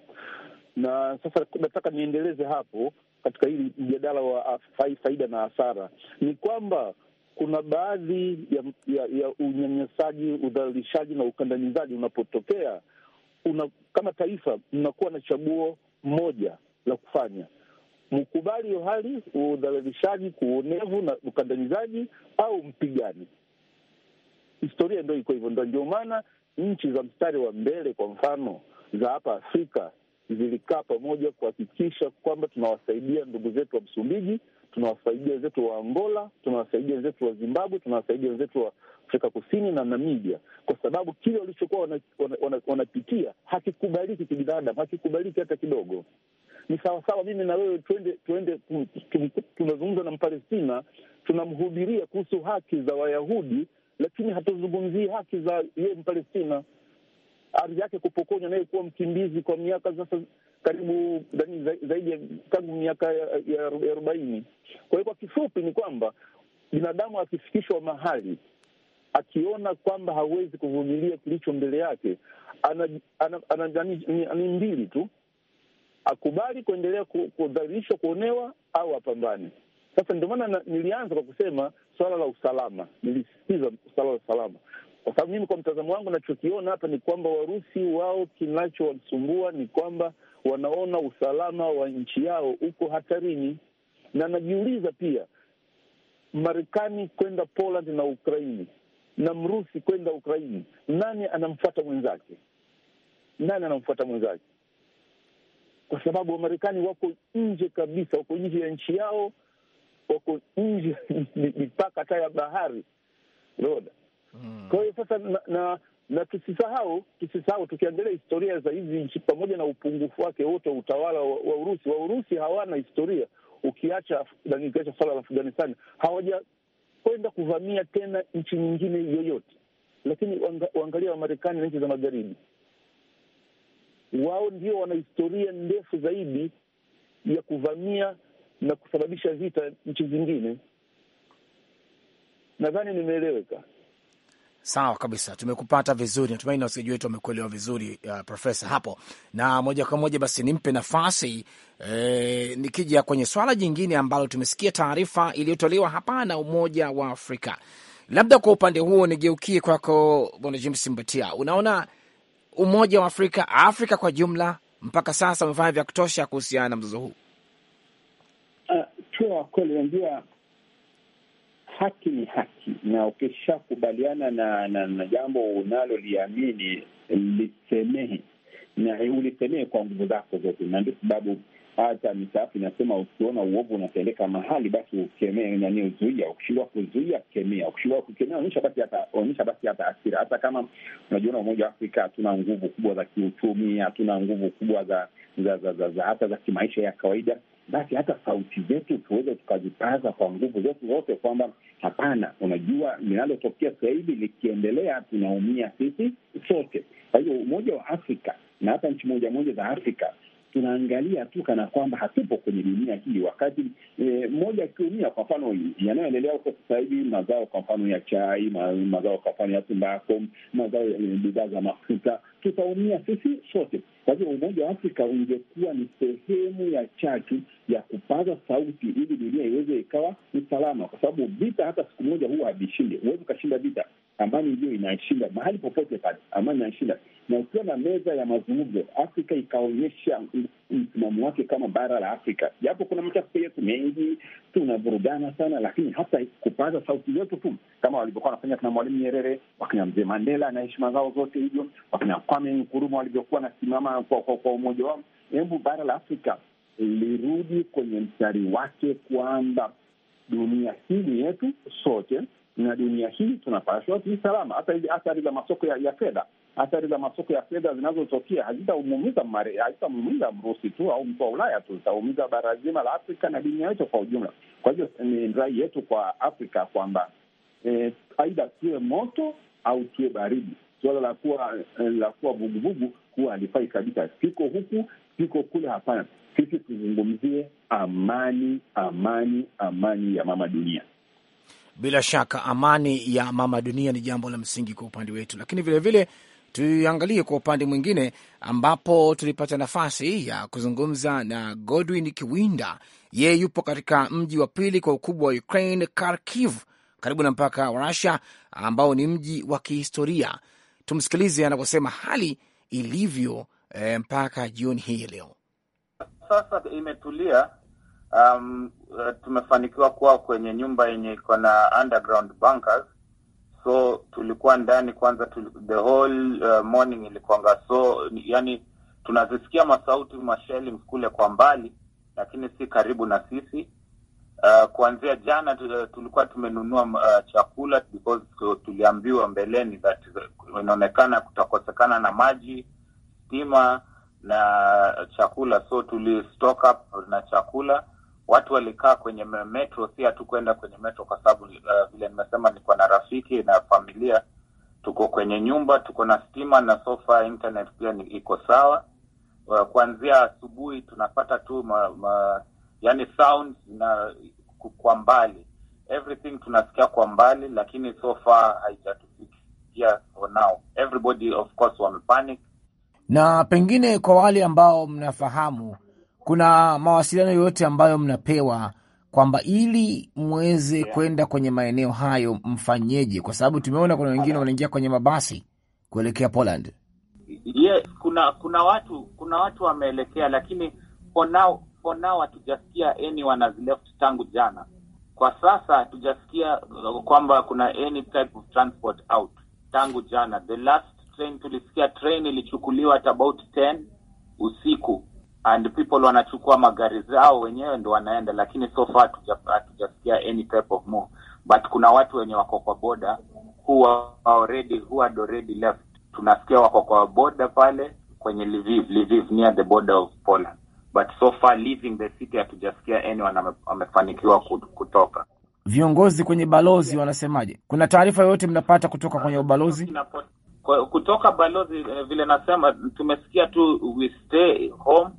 na sasa nataka niendeleze hapo katika hili mjadala wa ah, faida na hasara ni kwamba kuna baadhi ya, ya, ya unyanyasaji, udhalilishaji na ukandamizaji unapotokea, una, kama taifa mnakuwa na chaguo moja la kufanya mkubali hiyo hali udhalilishaji, kuonevu na ukandamizaji, au mpigani. Historia ndo iko hivyo, ndo ndio maana nchi za mstari wa mbele, kwa mfano za hapa Afrika zilikaa pamoja kuhakikisha kwamba tunawasaidia ndugu zetu wa Msumbiji, tunawasaidia wenzetu wa Angola, tunawasaidia wenzetu wa Zimbabwe, tunawasaidia wenzetu wa Afrika Kusini na Namibia, kwa sababu kile walichokuwa wanapitia wana, wana, wana hakikubaliki kibinadamu, hakikubaliki hata kidogo. Ni sawasawa mimi na wewe tuende tuende tunazungumza na Mpalestina, tunamhubiria kuhusu haki za Wayahudi, lakini hatuzungumzii haki za yeye Mpalestina ardhi yake kupokonywa, naye kuwa mkimbizi kwa miaka sasa karibu zaidi ya tangu miaka ya arobaini. Kwa hiyo kwa kifupi ni kwamba binadamu akifikishwa mahali akiona kwamba hawezi kuvumilia kilicho mbele yake, ana ni mbili tu, akubali kuendelea kudhalilishwa, kuonewa au apambane. Sasa ndio maana nilianza kwa kusema swala la usalama, nilisisitiza swala la usalama kwa sababu mimi kwa mtazamo wangu nachokiona hapa ni kwamba Warusi wao kinachowasumbua ni kwamba wanaona usalama wa nchi yao uko hatarini, na najiuliza pia Marekani kwenda Poland na Ukraini na Mrusi kwenda Ukraini, nani anamfuata mwenzake? Nani anamfuata mwenzake? Kwa sababu Wamarekani wako nje kabisa, wako nje ya nchi yao, wako nje mipaka hata ya bahari roda Mm. Kwa hiyo sasa na, na, na tusisahau tusisahau, tukiangalia historia za hizi nchi pamoja na upungufu wake wote wa utawala wa, wa Urusi. hawana historia, ukiacha ukiacha swala la Afghanistani, hawajakwenda kuvamia tena nchi nyingine yoyote. Lakini waangalia Wamarekani na nchi za magharibi, wao ndio wana historia ndefu zaidi ya kuvamia na kusababisha vita nchi zingine. Nadhani nimeeleweka. Sawa kabisa, tumekupata vizuri. Natumaini na wasikilizaji wetu wamekuelewa vizuri uh, profesa hapo, na moja kwa moja basi nimpe nafasi e, nikija kwenye swala jingine ambalo tumesikia taarifa iliyotolewa hapa na Umoja wa Afrika. Labda kwa upande huo nigeukie kwako Bwana James Mbatia, unaona Umoja wa Afrika, Afrika kwa jumla mpaka sasa umefanya vya kutosha kuhusiana na mzozo huu? Uh, kweli unajua haki ni haki, na ukishakubaliana na, na, na jambo unaloliamini lisemehe na ulisemehe kwa nguvu zako zote, na ndio sababu hata misaafu inasema ukiona uovu unatendeka mahali, basi ukemee, nani, uzuia. Ukishindwa kuzuia, kemea. Ukishindwa kukemea, onyesha basi hata onyesha basi hata asira. Hata kama unajiona Umoja wa Afrika hatuna nguvu kubwa za kiuchumi, hatuna nguvu kubwa za za za za hata za kimaisha ya kawaida, basi hata sauti zetu tuweze tukazipaza kwa nguvu zetu zote, kwamba hapana, unajua linalotokea sasa hivi likiendelea, tunaumia sisi sote. Kwa hiyo Umoja wa Afrika na hata nchi moja moja za Afrika tunaangalia tu kana kwamba hatupo kwenye dunia hii, wakati e, moja akiumia, kwa mfano yanayoendelea huko sasa hivi, mazao kwa mfano ya chai, mazao kwa mfano ya tumbako, mazao ya eh, bidhaa za mafuta, tutaumia sisi sote. Kwa hivyo Umoja wa Afrika ungekuwa ni sehemu ya chachu ya kupaza sauti ili dunia iweze ikawa ni salama, kwa sababu vita hata siku moja huwa havishinde. Huwezi ukashinda vita, amani ndio inashinda mahali popote pale, amani inashinda na ukiwa na meza ya mazungumzo, Afrika ikaonyesha msimamo wake kama bara la Afrika, japo kuna machafuko yetu mengi, tunavurugana sana, lakini hata kupaza sauti zetu tu kama walivyokuwa wanafanya kina Mwalimu Nyerere, wakina Mzee Mandela na heshima zao zote hivyo, wakina Kwame Nkuruma walivyokuwa wanasimama kwa, kwa, kwa umoja wao. Hebu bara la Afrika lirudi kwenye mstari wake kwamba dunia hii ni yetu sote, na dunia hii tunapashwa si salama. Hata hizi athari za masoko ya, fedha, athari za masoko ya fedha zinazotokea hazitaumiza hazitaumiza Mrusi tu au mtu wa Ulaya tu, zitaumiza bara zima la Afrika na dunia yote kwa ujumla. Kwa hivyo eh, ni rai yetu kwa Afrika kwamba eh, aidha tuwe moto au tuwe baridi. Suala la kuwa eh, la kuwa vuguvugu huwa halifai kabisa, siko huku siko kule, hapana. Sisi tuzungumzie amani, amani, amani ya mama dunia bila shaka amani ya mama dunia ni jambo la msingi kwa upande wetu, lakini vilevile tuangalie kwa upande mwingine ambapo tulipata nafasi ya kuzungumza na Godwin Kiwinda. Yeye yupo katika mji wa pili kwa ukubwa wa Ukraine, Kharkiv, karibu na mpaka wa Rusia, ambao ni mji wa kihistoria. Tumsikilize anavyosema hali ilivyo eh, mpaka jioni hii leo. Sasa imetulia um, eh, tumefanikiwa kuwa kwenye nyumba yenye iko na underground bunkers, so tulikuwa ndani kwanza tuliku, the whole uh, morning ilikuanga so yani tunazisikia masauti masheli kule kwa mbali, lakini si karibu na sisi. Uh, kuanzia jana tulikuwa tumenunua uh, chakula because tuliambiwa mbeleni that inaonekana kutakosekana na maji, stima na chakula, so stock up na chakula watu walikaa kwenye metro, si hatu kwenda kwenye metro kwa sababu uh, vile nimesema niko na rafiki na familia, tuko kwenye nyumba, tuko na stima na sofa, internet pia iko sawa. Uh, kuanzia asubuhi tunapata tu ma, ma, yani sound na kwa mbali everything tunasikia kwa mbali, lakini so far haijatufikia for now. Everybody of course wamepanic, na pengine kwa wale ambao mnafahamu kuna mawasiliano yoyote ambayo mnapewa kwamba ili mweze yeah, kwenda kwenye maeneo hayo mfanyeje? Kwa sababu tumeona kuna wengine wanaingia kwenye mabasi kuelekea Poland. Yeah, kuna kuna watu kuna watu wameelekea, lakini for now for now hatujasikia anyone has left tangu jana. Kwa sasa hatujasikia kwamba kuna any type of transport out tangu jana. The last train tulisikia train ilichukuliwa at about 10 usiku and people wanachukua magari zao wenyewe ndo wanaenda, lakini so far hatujasikia any type of move, but kuna watu wenye wako kwa boda huwa already who had already left. Tunasikia wako kwa boda pale kwenye Lviv, Lviv near the border of Poland, but so far leaving the city hatujasikia anyone amefanikiwa kutoka. Viongozi kwenye balozi wanasemaje? Kuna taarifa yoyote mnapata kutoka kwenye ubalozi? Kutoka balozi, eh, vile nasema, tumesikia tu we stay home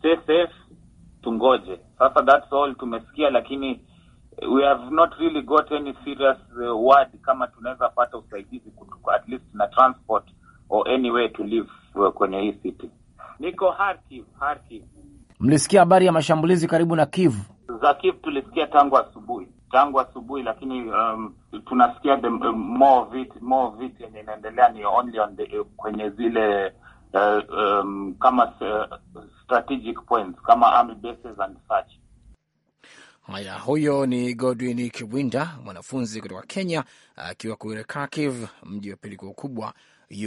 stay safe, tungoje sasa. That's all tumesikia, lakini eh, we have not really got any serious uh, word kama tunaweza pata usaidizi kutuka, at least na transport or any way to live uh, kwenye hii city. Niko Harkiv, Harkiv. Mlisikia habari ya mashambulizi karibu na kiv Za kiv tulisikia tangu asubuhi, tangu asubuhi, lakini um, tunasikia the more of it, more of it yenye inaendelea ni only on the, kwenye zile uh, um, kama eh, strategic points, kama army bases and such. Haya, huyo ni Godwin kiwinda mwanafunzi kutoka Kenya, akiwa kule Kharkiv, mji wa pili kwa ukubwa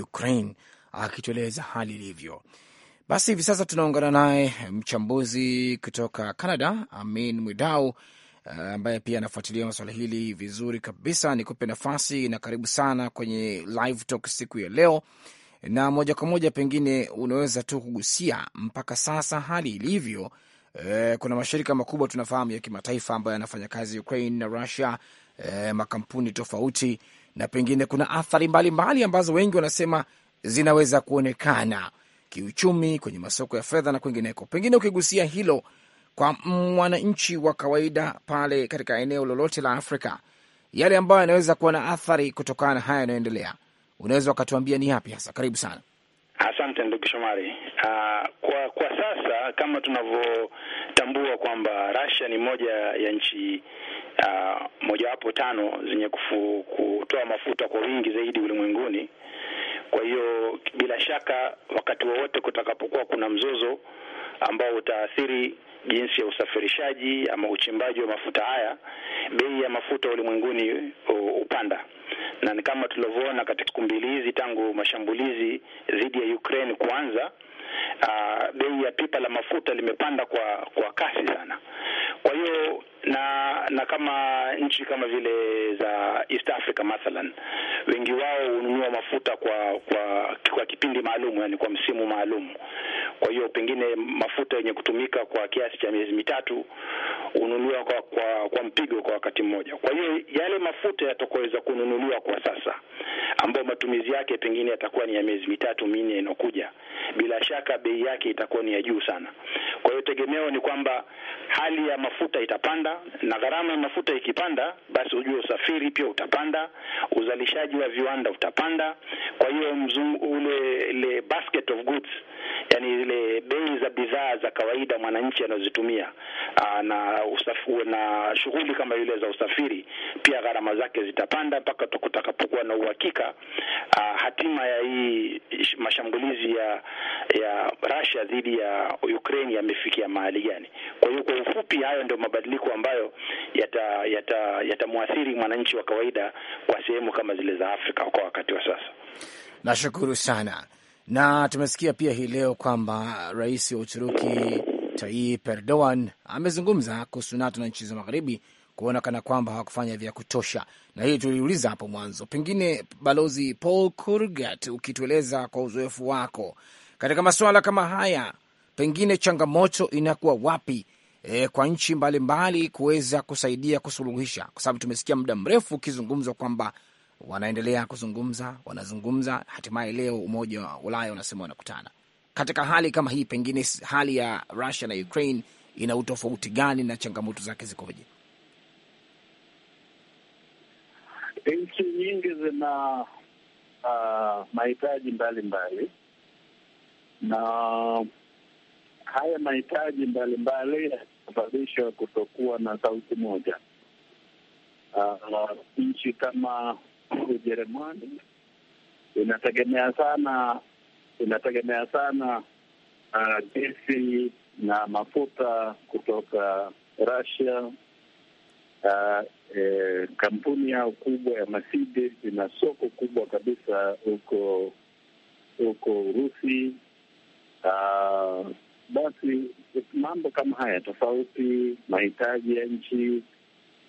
Ukraine, akitueleza hali ilivyo. Basi hivi sasa tunaungana naye mchambuzi kutoka Canada, Amin Mwidau, eh, ambaye pia anafuatilia masuala hili vizuri kabisa. Nikupe nafasi na karibu sana kwenye Live Talk siku ya leo na moja kwa moja, pengine unaweza tu kugusia mpaka sasa hali ilivyo. E, kuna mashirika makubwa tunafahamu ya kimataifa ambayo yanafanya kazi Ukraine na Russia, e, makampuni tofauti, na pengine kuna athari mbalimbali mbali ambazo wengi wanasema zinaweza kuonekana kiuchumi, kwenye masoko ya fedha na kwingineko. Pengine ukigusia hilo kwa mwananchi wa kawaida pale katika eneo lolote la Afrika, yale ambayo yanaweza kuwa na athari kutokana na haya yanayoendelea, unaweza ukatuambia ni yapi hasa? Karibu sana. Asante ndugu Shomari. Uh, kwa kwa sasa kama tunavyotambua kwamba Russia ni moja ya nchi uh, mojawapo tano zenye kufu, kutoa mafuta kwa wingi zaidi ulimwenguni. Kwa hiyo bila shaka wakati wowote kutakapokuwa kuna mzozo ambao utaathiri jinsi ya usafirishaji ama uchimbaji wa mafuta haya, bei ya mafuta ulimwenguni upanda, na ni kama tulivyoona katika mbili hizi tangu mashambulizi dhidi ya Ukraine kuanza. Uh, bei ya pipa la mafuta limepanda kwa kwa kasi sana. Kwa hiyo na na kama nchi kama vile za East Africa mathalan, wengi wao hununua mafuta kwa kwa kwa kipindi maalum, yani kwa msimu maalum. Kwa hiyo pengine mafuta yenye kutumika kwa kiasi cha miezi mitatu hununuliwa kwa, kwa kwa mpigo kwa wakati mmoja. Kwa hiyo yale mafuta yatakoweza kununuliwa kwa sasa, ambayo matumizi yake pengine yatakuwa ni ya miezi mitatu minne inokuja, bila shaka bei yake itakuwa ni ya juu sana. Kwa hiyo tegemeo ni kwamba hali ya mafuta itapanda na gharama ya mafuta ikipanda, basi ujue usafiri pia utapanda, uzalishaji wa viwanda utapanda. Kwa hiyo mzungu ule ile basket of goods, yani ile bei za bidhaa za kawaida mwananchi anazozitumia ah, na usafu, na shughuli kama ile za usafiri pia gharama zake zitapanda mpaka tutakapokuwa na uhakika ah, hatima ya hii mashambulizi ya ya Russia dhidi ya Ukraine yamefikia mahali gani. Kwa hiyo kwa ufupi, hayo ndio mabadiliko ambayo yatamwathiri yata, yata mwananchi wa kawaida kwa sehemu kama zile za Afrika kwa wakati wa sasa. Nashukuru sana na tumesikia pia hii leo kwamba rais wa Uturuki Tayyip Erdogan amezungumza kuhusu NATO na nchi za magharibi kuona kana kwamba hawakufanya vya kutosha, na hii tuliuliza hapo mwanzo. Pengine Balozi Paul Kurgat, ukitueleza kwa uzoefu wako katika masuala kama haya, pengine changamoto inakuwa wapi e, kwa nchi mbalimbali kuweza kusaidia kusuluhisha, kwa sababu tumesikia muda mrefu ukizungumzwa kwamba wanaendelea kuzungumza, wanazungumza, hatimaye leo Umoja wa Ulaya unasema wanakutana. Katika hali kama hii, pengine hali ya Russia na Ukraine ina utofauti gani na changamoto zake zikoje? Nchi nyingi zina uh, mahitaji mbalimbali na haya mahitaji mbalimbali kusababisha kutokuwa na sauti moja. Uh, nchi kama Ujerumani inategemea sana inategemea sana ah, gesi na mafuta kutoka Russia. Uh, eh, kampuni yao kubwa ya Mercedes ina soko kubwa kabisa huko huko Urusi. Uh, basi mambo kama haya tofauti, mahitaji ya nchi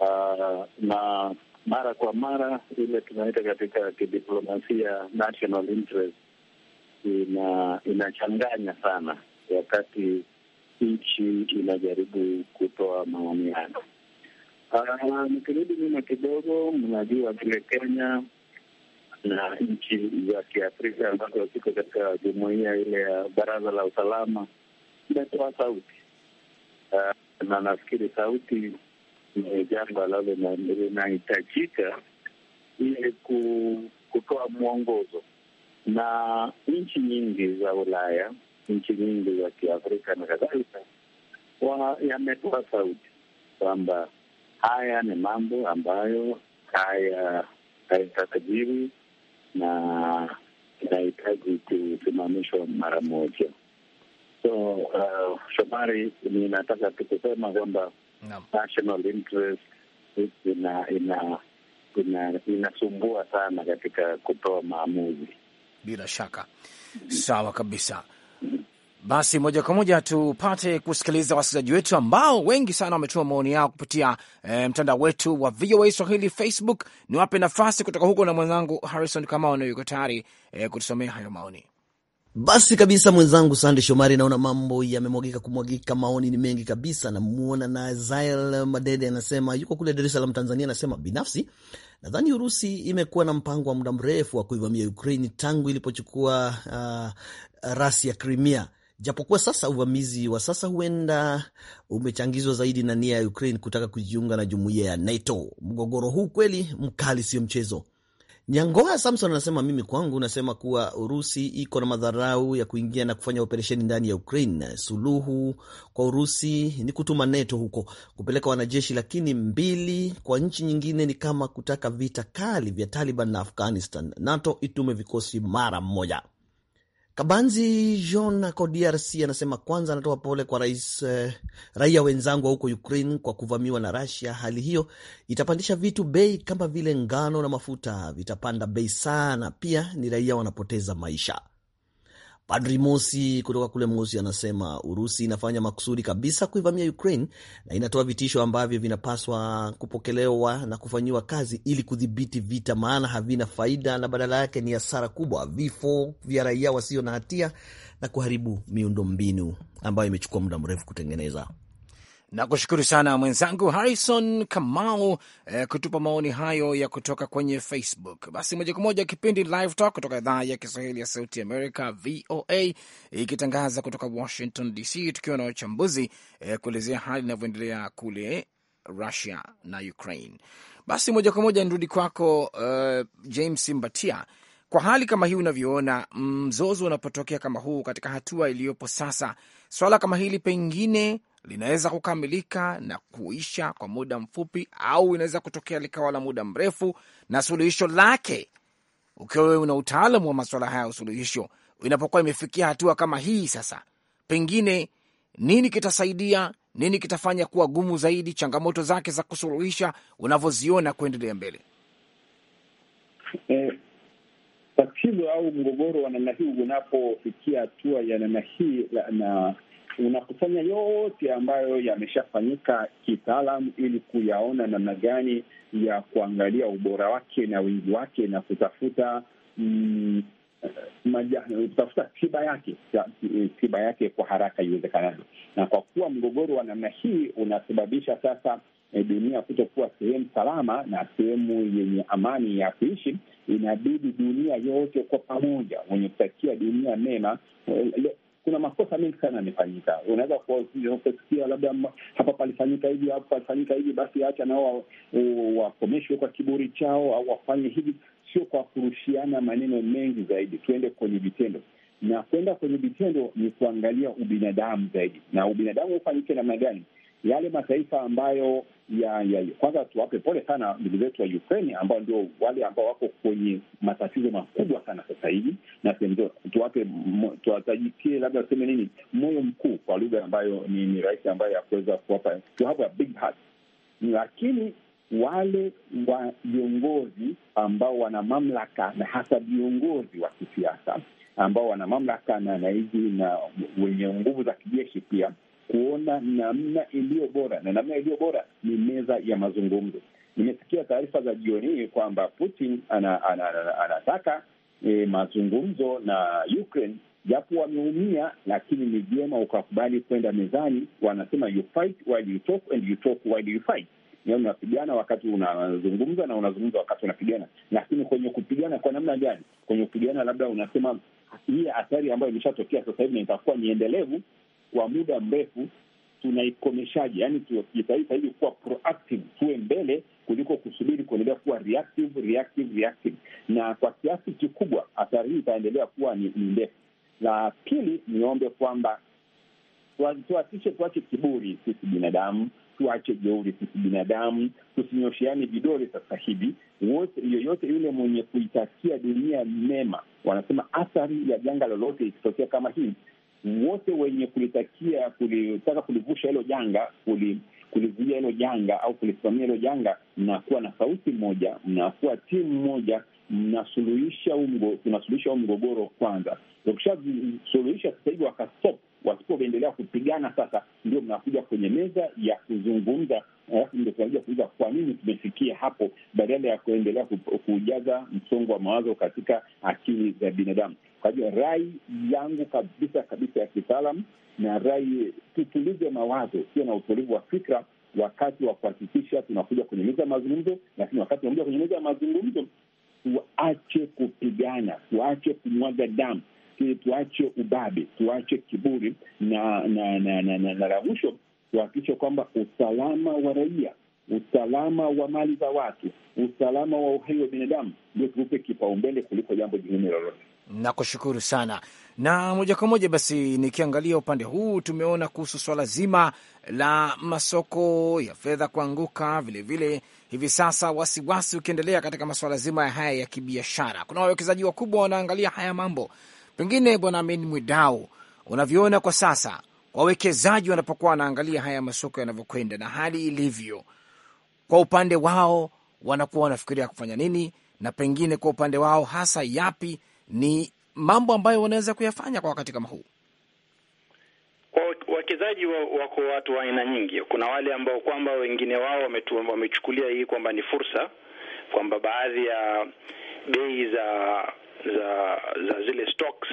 uh, na mara kwa mara ile tunaita katika kidiplomasia national interest ina- inachanganya sana wakati nchi inajaribu kutoa maoni yake. Uh, nikirudi nyuma kidogo, mnajua vile Kenya na nchi za Kiafrika ambazo ziko katika jumuiya ile ya Baraza la Usalama imetoa sauti uh, na nafikiri sauti ni jambo ambalo linahitajika ili kutoa mwongozo, na nchi nyingi za Ulaya, nchi nyingi za Kiafrika na kadhalika yametoa sauti kwamba haya ni mambo ambayo haya hayatatabiliwi na inahitaji kusimamishwa mara moja. So uh, Shomari, ninataka tu kusema kwamba national interest ina ina inasumbua sana katika kutoa maamuzi. Bila shaka, sawa kabisa. Basi moja kwa moja tupate kusikiliza wasikilizaji wetu ambao wengi sana wametuma maoni yao kupitia eh, mtandao wetu wa VOA Swahili Facebook. Niwape nafasi kutoka huko na mwenzangu Harrison Kamau, nayo yuko tayari eh, kutusomea hayo maoni. Basi kabisa mwenzangu Sande Shomari, naona mambo yamemwagika kumwagika, maoni ni mengi kabisa. Namuona na Nazael Madede anasema yuko kule Dar es Salaam, Tanzania, anasema binafsi nadhani Urusi imekuwa na mpango wa muda mrefu wa kuivamia Ukraini tangu ilipochukua uh, rasi ya krimia japokuwa sasa uvamizi wa sasa huenda umechangizwa zaidi na nia ya Ukraine kutaka kujiunga na jumuiya ya NATO. Mgogoro huu kweli mkali, sio mchezo. Nyangoa Samson anasema mimi kwangu nasema kuwa Urusi iko na madharau ya kuingia na kufanya operesheni ndani ya Ukraine. Suluhu kwa Urusi ni kutuma NATO huko kupeleka wanajeshi, lakini mbili kwa nchi nyingine ni kama kutaka vita kali vya Taliban na Afghanistan. NATO itume vikosi mara moja. Kabanzi Jean ako DRC anasema kwanza anatoa pole kwa rais, eh, raia wenzangu wa huko Ukraine kwa kuvamiwa na Russia. Hali hiyo itapandisha vitu bei kama vile ngano na mafuta vitapanda bei sana, pia ni raia wanapoteza maisha. Padri Mosi kutoka kule Mosi anasema Urusi inafanya makusudi kabisa kuivamia Ukraine na inatoa vitisho ambavyo vinapaswa kupokelewa na kufanyiwa kazi ili kudhibiti vita, maana havina faida na badala yake ni hasara kubwa, vifo vya raia wasio na hatia na kuharibu miundombinu ambayo imechukua muda mrefu kutengeneza na kushukuru sana mwenzangu Harrison Kamau eh, kutupa maoni hayo ya kutoka kwenye Facebook. Basi moja kwa moja kipindi Live Talk kutoka idhaa ya Kiswahili ya Sauti Amerika, VOA, ikitangaza kutoka Washington DC, tukiwa na wachambuzi eh, kuelezea hali inavyoendelea kule Russia na Ukraine. Basi moja kwa moja nirudi kwako, uh, James Mbatia, kwa hali kama hii unavyoona mzozo unapotokea kama huu katika hatua iliyopo sasa, swala kama hili pengine linaweza kukamilika na kuisha kwa muda mfupi, au inaweza kutokea likawa la muda mrefu, na suluhisho lake, ukiwa wewe una utaalamu wa masuala haya ya usuluhisho, inapokuwa imefikia hatua kama hii sasa, pengine nini kitasaidia, nini kitafanya kuwa gumu zaidi, changamoto zake za kusuluhisha unavyoziona kuendelea mbele? Eh, tatizo au mgogoro wa namna hii unapofikia hatua ya namna hii na unakusanya yote ambayo yameshafanyika kitaalamu ili kuyaona namna gani ya kuangalia ubora wake na wingi wake na kutafuta mm, kutafuta tiba yake tiba yake kwa haraka iwezekanavyo. Na kwa kuwa mgogoro wa namna hii unasababisha sasa eh, dunia kutokuwa sehemu salama na sehemu yenye amani ya kuishi, inabidi dunia yote kwa pamoja wenye kutakia dunia mema eh, kuna makosa mengi sana yamefanyika. Unaweza kusikia labda hapa palifanyika hivi, hapa palifanyika hivi, basi acha nao wakomeshwe kwa kiburi chao, au wafanye hivi. Sio kwa kurushiana maneno mengi zaidi, tuende kwenye vitendo na kwenda kwenye vitendo ni kuangalia ubinadamu zaidi, na ubinadamu hufanyike namna gani? yale mataifa ambayo ya, ya kwanza tuwape pole sana ndugu zetu wa Ukraine ambao ndio wale ambao wako kwenye matatizo makubwa sana sasa hivi, na tuwape tuwatajikie, labda tuseme nini, moyo mkuu kwa lugha ambayo ni, ni rahisi ambayo ya kuweza kuwapa tuwapa big heart, lakini wale wa viongozi ambao wana mamlaka na hasa viongozi wa kisiasa ambao wana mamlaka na naizi na wenye nguvu za kijeshi pia kuona namna iliyo bora, na namna iliyo bora ni meza ya mazungumzo. Nimesikia taarifa za jioni hii kwamba Putin ana, ana, ana, ana, anataka e, mazungumzo na Ukraine japo wameumia, lakini ni vyema ukakubali kwenda mezani. Wanasema you fight while you talk and you talk while you fight, yaani unapigana wakati unazungumza na unazungumza wakati unapigana. Lakini kwenye kupigana kwa namna gani? Kwenye kupigana labda unasema hii athari ambayo imeshatokea sasa hivi na itakuwa ni endelevu, kwa muda mrefu tunaikomeshaje? Yani tukitaifa sahivi kuwa proactive, tuwe mbele kuliko kusubiri kuendelea kuwa reactive, reactive, reactive. Na kwa kiasi kikubwa athari hii itaendelea kuwa ni ndefu. La pili, niombe kwamba tuatishe, tuache kiburi sisi binadamu tuache jeuri sisi binadamu, tusinyosheane vidole. Sasa hivi wote, yoyote yule mwenye kuitakia dunia mema, wanasema athari ya janga lolote ikitokea kama hii wote wenye kulitakia kulitaka kulivusha hilo janga kuli kulizuia hilo janga au kulisimamia hilo janga, mnakuwa na sauti moja, mnakuwa timu moja, mnasuluhisha tunasuluhisha huu mgogoro kwanza. Ukishasuluhisha sasa hivi wakastop, wasipoendelea kupigana, sasa ndio mnakuja kwenye meza ya kuzungumza, alafu ndo tunakuja kuuliza kwa nini tumefikia hapo, badala ya kuendelea kujaza msongo wa mawazo katika akili za binadamu. Kwa hiyo rai yangu kabisa kabisa ya kitaalam na rai, tutulize mawazo, sio na utulivu wa fikra wakati wa kuhakikisha tunakuja kwenye meza ya mazungumzo. Lakini wakati tunakuja kwenye meza ya mazungumzo, tuache kupigana, tuache kumwaga damu, tuache ubabe, tuache kiburi na na na, na, na, na la mwisho tuhakikishe kwamba usalama wa raia, usalama wa mali za watu, usalama wa uhai wa binadamu ndio tuupe kipaumbele kuliko jambo jingine lolote. Nakushukuru sana na moja kwa moja basi, nikiangalia upande huu tumeona kuhusu swala zima la masoko ya fedha kuanguka, vilevile hivi sasa wasiwasi ukiendelea katika masuala zima ya haya ya kibiashara. Kuna wawekezaji wakubwa wanaangalia haya mambo, pengine Bwana Amin Mwidau, unavyoona kwa sasa wawekezaji wanapokuwa wanaangalia haya masoko yanavyokwenda na hali ilivyo, kwa upande wao wanakuwa wanafikiria kufanya nini, na pengine kwa upande wao hasa yapi ni mambo ambayo wanaweza kuyafanya kwa wakati kama huu? Wawekezaji wako watu wa aina nyingi. Kuna wale ambao kwamba wengine wao wamechukulia hii kwamba ni fursa, kwamba baadhi ya bei za za za zile stocks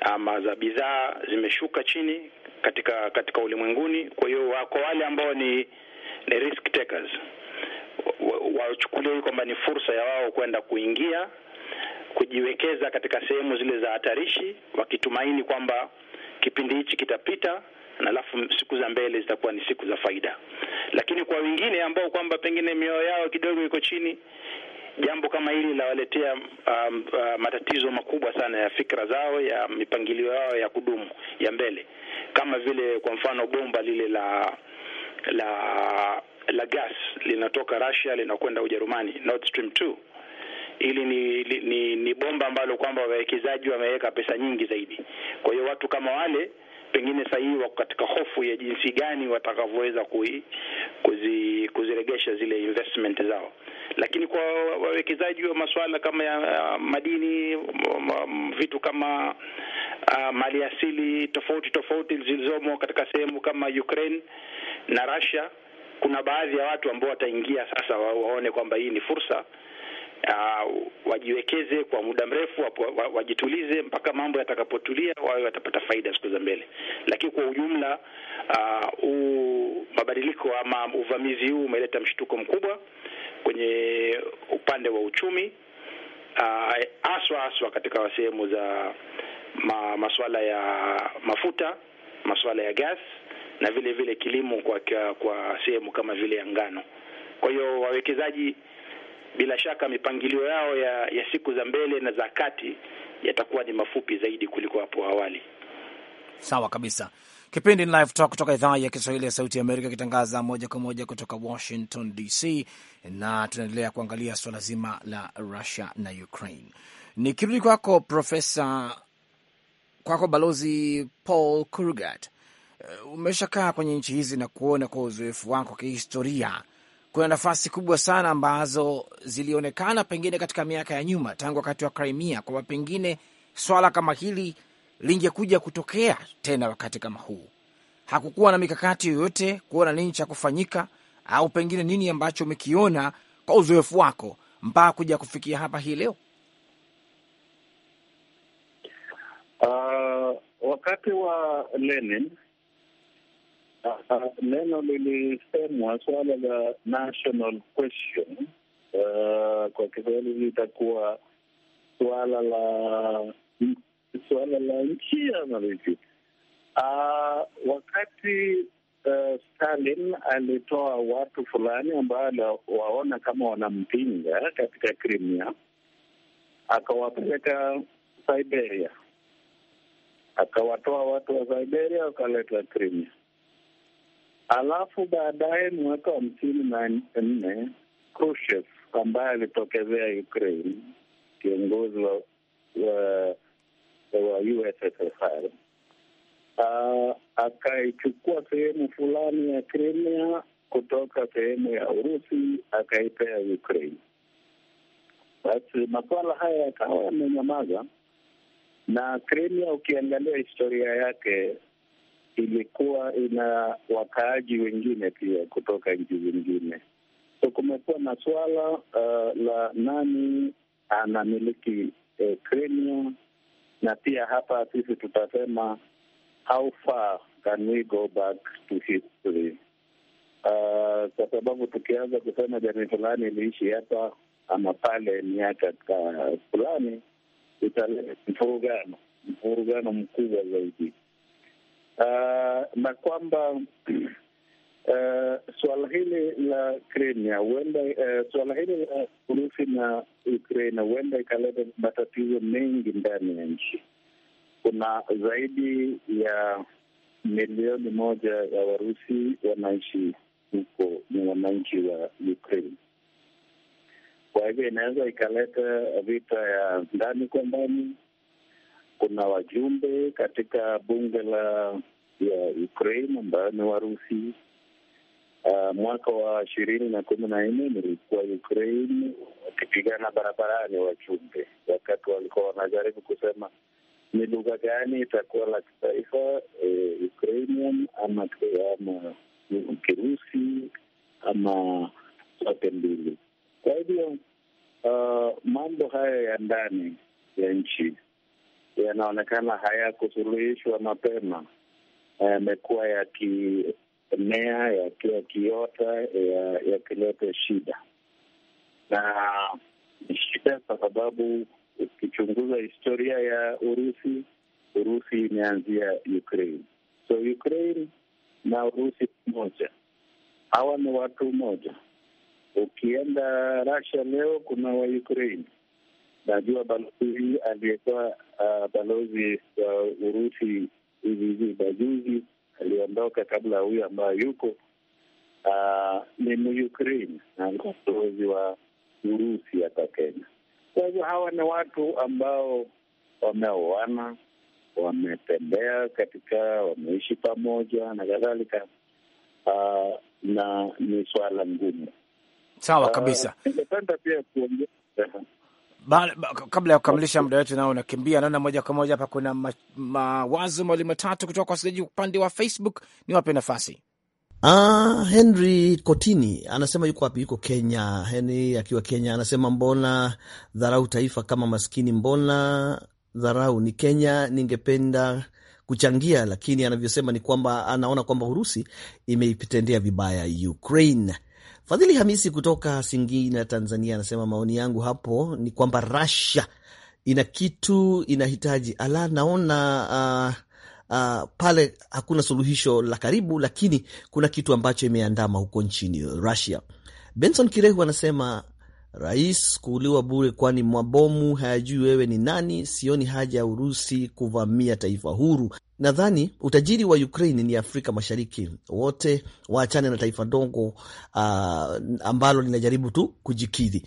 ama za bidhaa zimeshuka chini katika katika ulimwenguni. Kwa hiyo wako wale ambao ni, ni risk takers wachukulia hii kwamba ni fursa ya wao kwenda kuingia kujiwekeza katika sehemu zile za hatarishi, wakitumaini kwamba kipindi hichi kitapita na alafu siku za mbele zitakuwa ni siku za faida. Lakini kwa wengine ambao kwamba pengine mioyo yao kidogo iko chini, jambo kama hili linawaletea um, uh, matatizo makubwa sana ya fikra zao, ya mipangilio yao ya kudumu ya mbele, kama vile kwa mfano bomba lile la la la gas linatoka Russia linakwenda Ujerumani, Nord Stream Hili ni, ni, ni bomba ambalo kwamba wawekezaji wameweka pesa nyingi zaidi. Kwa hiyo watu kama wale pengine sasa hivi wako katika hofu ya jinsi gani watakavyoweza kuzi, kuziregesha zile investment zao, lakini kwa wawekezaji wa masuala kama ya madini vitu kama uh, mali asili tofauti tofauti zilizomo katika sehemu kama Ukraine na Russia, kuna baadhi ya watu ambao wataingia sasa wa, waone kwamba hii ni fursa uh, wajiwekeze kwa muda mrefu, wajitulize mpaka mambo yatakapotulia, wawe watapata faida siku za mbele. Lakini kwa ujumla huu ah, u mabadiliko ama uvamizi huu umeleta mshtuko mkubwa kwenye upande wa uchumi ah, haswa uh, haswa katika sehemu za ma, masuala ya mafuta, masuala ya gas na vile vile kilimo kwa, kwa sehemu kama vile ya ngano. Kwa hiyo wawekezaji bila shaka mipangilio yao ya, ya siku za mbele na za kati yatakuwa ni mafupi zaidi kuliko hapo awali. Sawa kabisa. Kipindi ni Live Talk kutoka idhaa ya Kiswahili ya Sauti ya Amerika, ikitangaza moja kwa moja kutoka Washington DC, na tunaendelea kuangalia suala zima la Russia na Ukraine. Nikirudi kwako Profesa, kwako Balozi Paul Kurgat, eh, umeshakaa kwenye nchi hizi na kuona kwa uzoefu wako kihistoria kuna nafasi kubwa sana ambazo zilionekana pengine katika miaka ya nyuma tangu wakati wa Crimea kwamba pengine swala kama hili lingekuja kutokea tena wakati kama huu. Hakukuwa na mikakati yoyote kuona nini cha kufanyika, au pengine nini ambacho umekiona kwa uzoefu wako mpaka kuja kufikia hapa hii leo? Uh, wakati wa Lenin Ah, ah, neno lilisemwa suala la national question. Uh, kwa Kiswahili litakuwa suala la suala la nchi ama vipi? Uh, wakati uh, Stalin alitoa watu fulani ambao aliwaona kama wanampinga katika Crimea, akawapeleka Siberia, akawatoa watu wa Siberia wakaleta Crimea alafu baadaye mwaka wa hamsini na nne Khrushchev ambaye alitokezea Ukraine, kiongozi wa, wa, wa USSR uh, akaichukua sehemu fulani ya Crimea kutoka sehemu ya Urusi akaipea Ukraine. Basi masuala haya yakawa yamenyamaza, na Crimea ukiangalia historia yake ilikuwa ina wakaaji wengine pia kutoka nchi zingine. So kumekuwa na swala uh, la nani anamiliki eh, Crimea, na pia hapa sisi tutasema how far can we go back to history uh, kwa sababu tukianza kusema jamii fulani iliishi hapa ama pale miaka fulani italeta mfurugano mkubwa zaidi uh, na kwamba uh, eh, suala hili la Crimea huenda uh, eh, suala hili la Urusi na Ukraina huenda ikaleta matatizo mengi ndani ya nchi. Kuna zaidi ya milioni moja ya Warusi wanaishi huko, ni wananchi wa Ukraine. Kwa hivyo inaweza ikaleta vita ya ndani kwa ndani kuna wajumbe katika bunge la ya Ukraine ambayo ni Warusi. Uh, mwaka wa ishirini na kumi na nne nilikuwa Ukraine wakipigana barabarani wajumbe, wakati walikuwa wanajaribu kusema ni lugha gani itakuwa la kitaifa eh, Ukrainian ama ama Kirusi ama zote mbili. Kwa hivyo uh, mambo haya ya ndani ya nchi yanaonekana hayakusuluhishwa mapema, yamekuwa yakimea, yakiwa kiota, yakileta shida na ni shida kwa sababu ukichunguza historia ya Urusi, Urusi imeanzia Ukraine, so Ukraine na Urusi moja, hawa ni watu moja. Ukienda rasia leo kuna wa Ukraine Najua balozi aliyekuwa uh, balozi wa uh, Urusi hivi hivi majuzi aliondoka kabla huyu ambayo yuko uh, ni Muukraine na balozi wa Urusi hapa Kenya. Kwa hivyo hawa ni watu ambao wameoana, wametembea katika, wameishi pamoja na kadhalika. Uh, na ni swala ngumu. Sawa kabisa. Uh, ningependa uh, pia kuongea kabla ya kukamilisha muda wetu nao unakimbia, naona moja kwa moja hapa kuna ma, mawazo mawili matatu kutoka kwa wasikilizaji upande wa Facebook. Ni wape nafasi. Ah, Henry Kotini anasema yuko wapi? Yuko Kenya. Henry akiwa Kenya anasema mbona dharau taifa kama maskini, mbona dharau ni Kenya. Ningependa kuchangia, lakini anavyosema ni kwamba anaona kwamba Urusi imeitendea vibaya Ukraine. Fadhili Hamisi kutoka singina Tanzania, anasema maoni yangu hapo ni kwamba Russia ina kitu inahitaji ala, naona uh, Uh, pale hakuna suluhisho la karibu, lakini kuna kitu ambacho imeandama huko nchini Russia. Benson Kirehu anasema Rais kuuliwa bure, kwani mabomu hayajui wewe ni nani. Sioni haja ya Urusi kuvamia taifa huru. Nadhani utajiri wa Ukraine ni Afrika Mashariki, wote waachane na taifa dogo uh, ambalo linajaribu tu kujikidhi.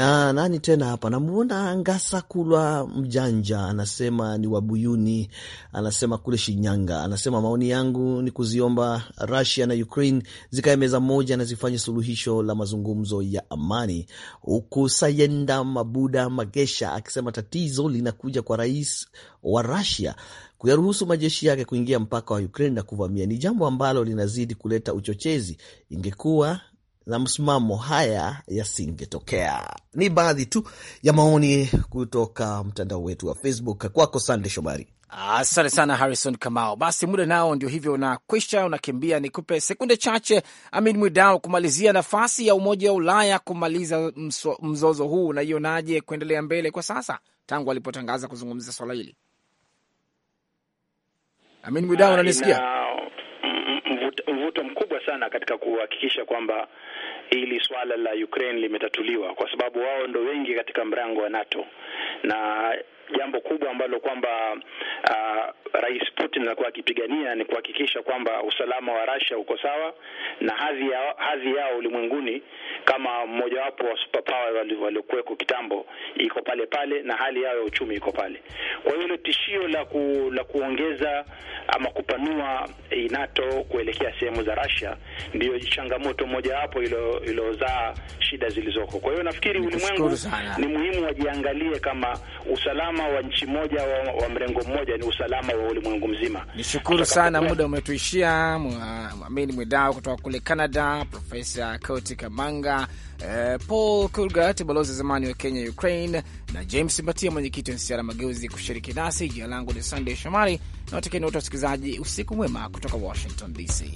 Na, nani tena hapa namuona Ngasa Kulwa Mjanja anasema ni Wabuyuni, anasema kule Shinyanga, anasema maoni yangu ni kuziomba Russia na Ukraine zikae meza moja na zifanye suluhisho la mazungumzo ya amani, huku Sayenda Mabuda Magesha akisema tatizo linakuja kwa rais wa Russia kuyaruhusu majeshi yake kuingia mpaka wa Ukraine na kuvamia, ni jambo ambalo linazidi kuleta uchochezi. Ingekuwa na msimamo haya yasingetokea. Ni baadhi tu ya maoni kutoka mtandao wetu wa Facebook. Kwako Sande Shomari. Asante sana Harrison Kamao. Basi muda nao ndio hivyo unakwisha, unakimbia. Nikupe sekunde chache, Amin Mwidao, kumalizia nafasi ya Umoja wa Ulaya kumaliza mso, mzozo huu unaionaje kuendelea mbele kwa sasa tangu alipotangaza kuzungumza swala hili? Amin Mwidao, ah, unanisikia? Mvuto mkubwa sana katika kuhakikisha kwamba hili swala la Ukraine limetatuliwa, kwa sababu wao ndo wengi katika mrango wa NATO na jambo kubwa ambalo kwamba uh, Rais Putin alikuwa akipigania ni kuhakikisha kwamba usalama wa Russia uko sawa na hadhi yao, hadhi yao ulimwenguni kama mmojawapo wa superpower waliokuweko kitambo iko pale pale na hali yao ya uchumi iko pale. Kwa hiyo ile tishio la, ku, la kuongeza ama kupanua eh, NATO kuelekea sehemu za Russia ndiyo changamoto mojawapo iliozaa shida zilizoko. Kwa hiyo nafikiri ulimwengu ni muhimu wajiangalie kama usalama usalama wa nchi moja wa, wa mrengo mmoja ni usalama wa ulimwengu mzima. Nishukuru sana, muda umetuishia. Mwamini Mwidao kutoka kule Canada, Profesa Koti Kamanga, eh, Paul Kurgat, balozi zamani wa Kenya Ukraine, na James Mbatia, mwenyekiti wa NCCR Mageuzi, kushiriki nasi. Jina langu ni Sunday Shomari na watekeni wote wasikilizaji, usiku mwema kutoka Washington DC.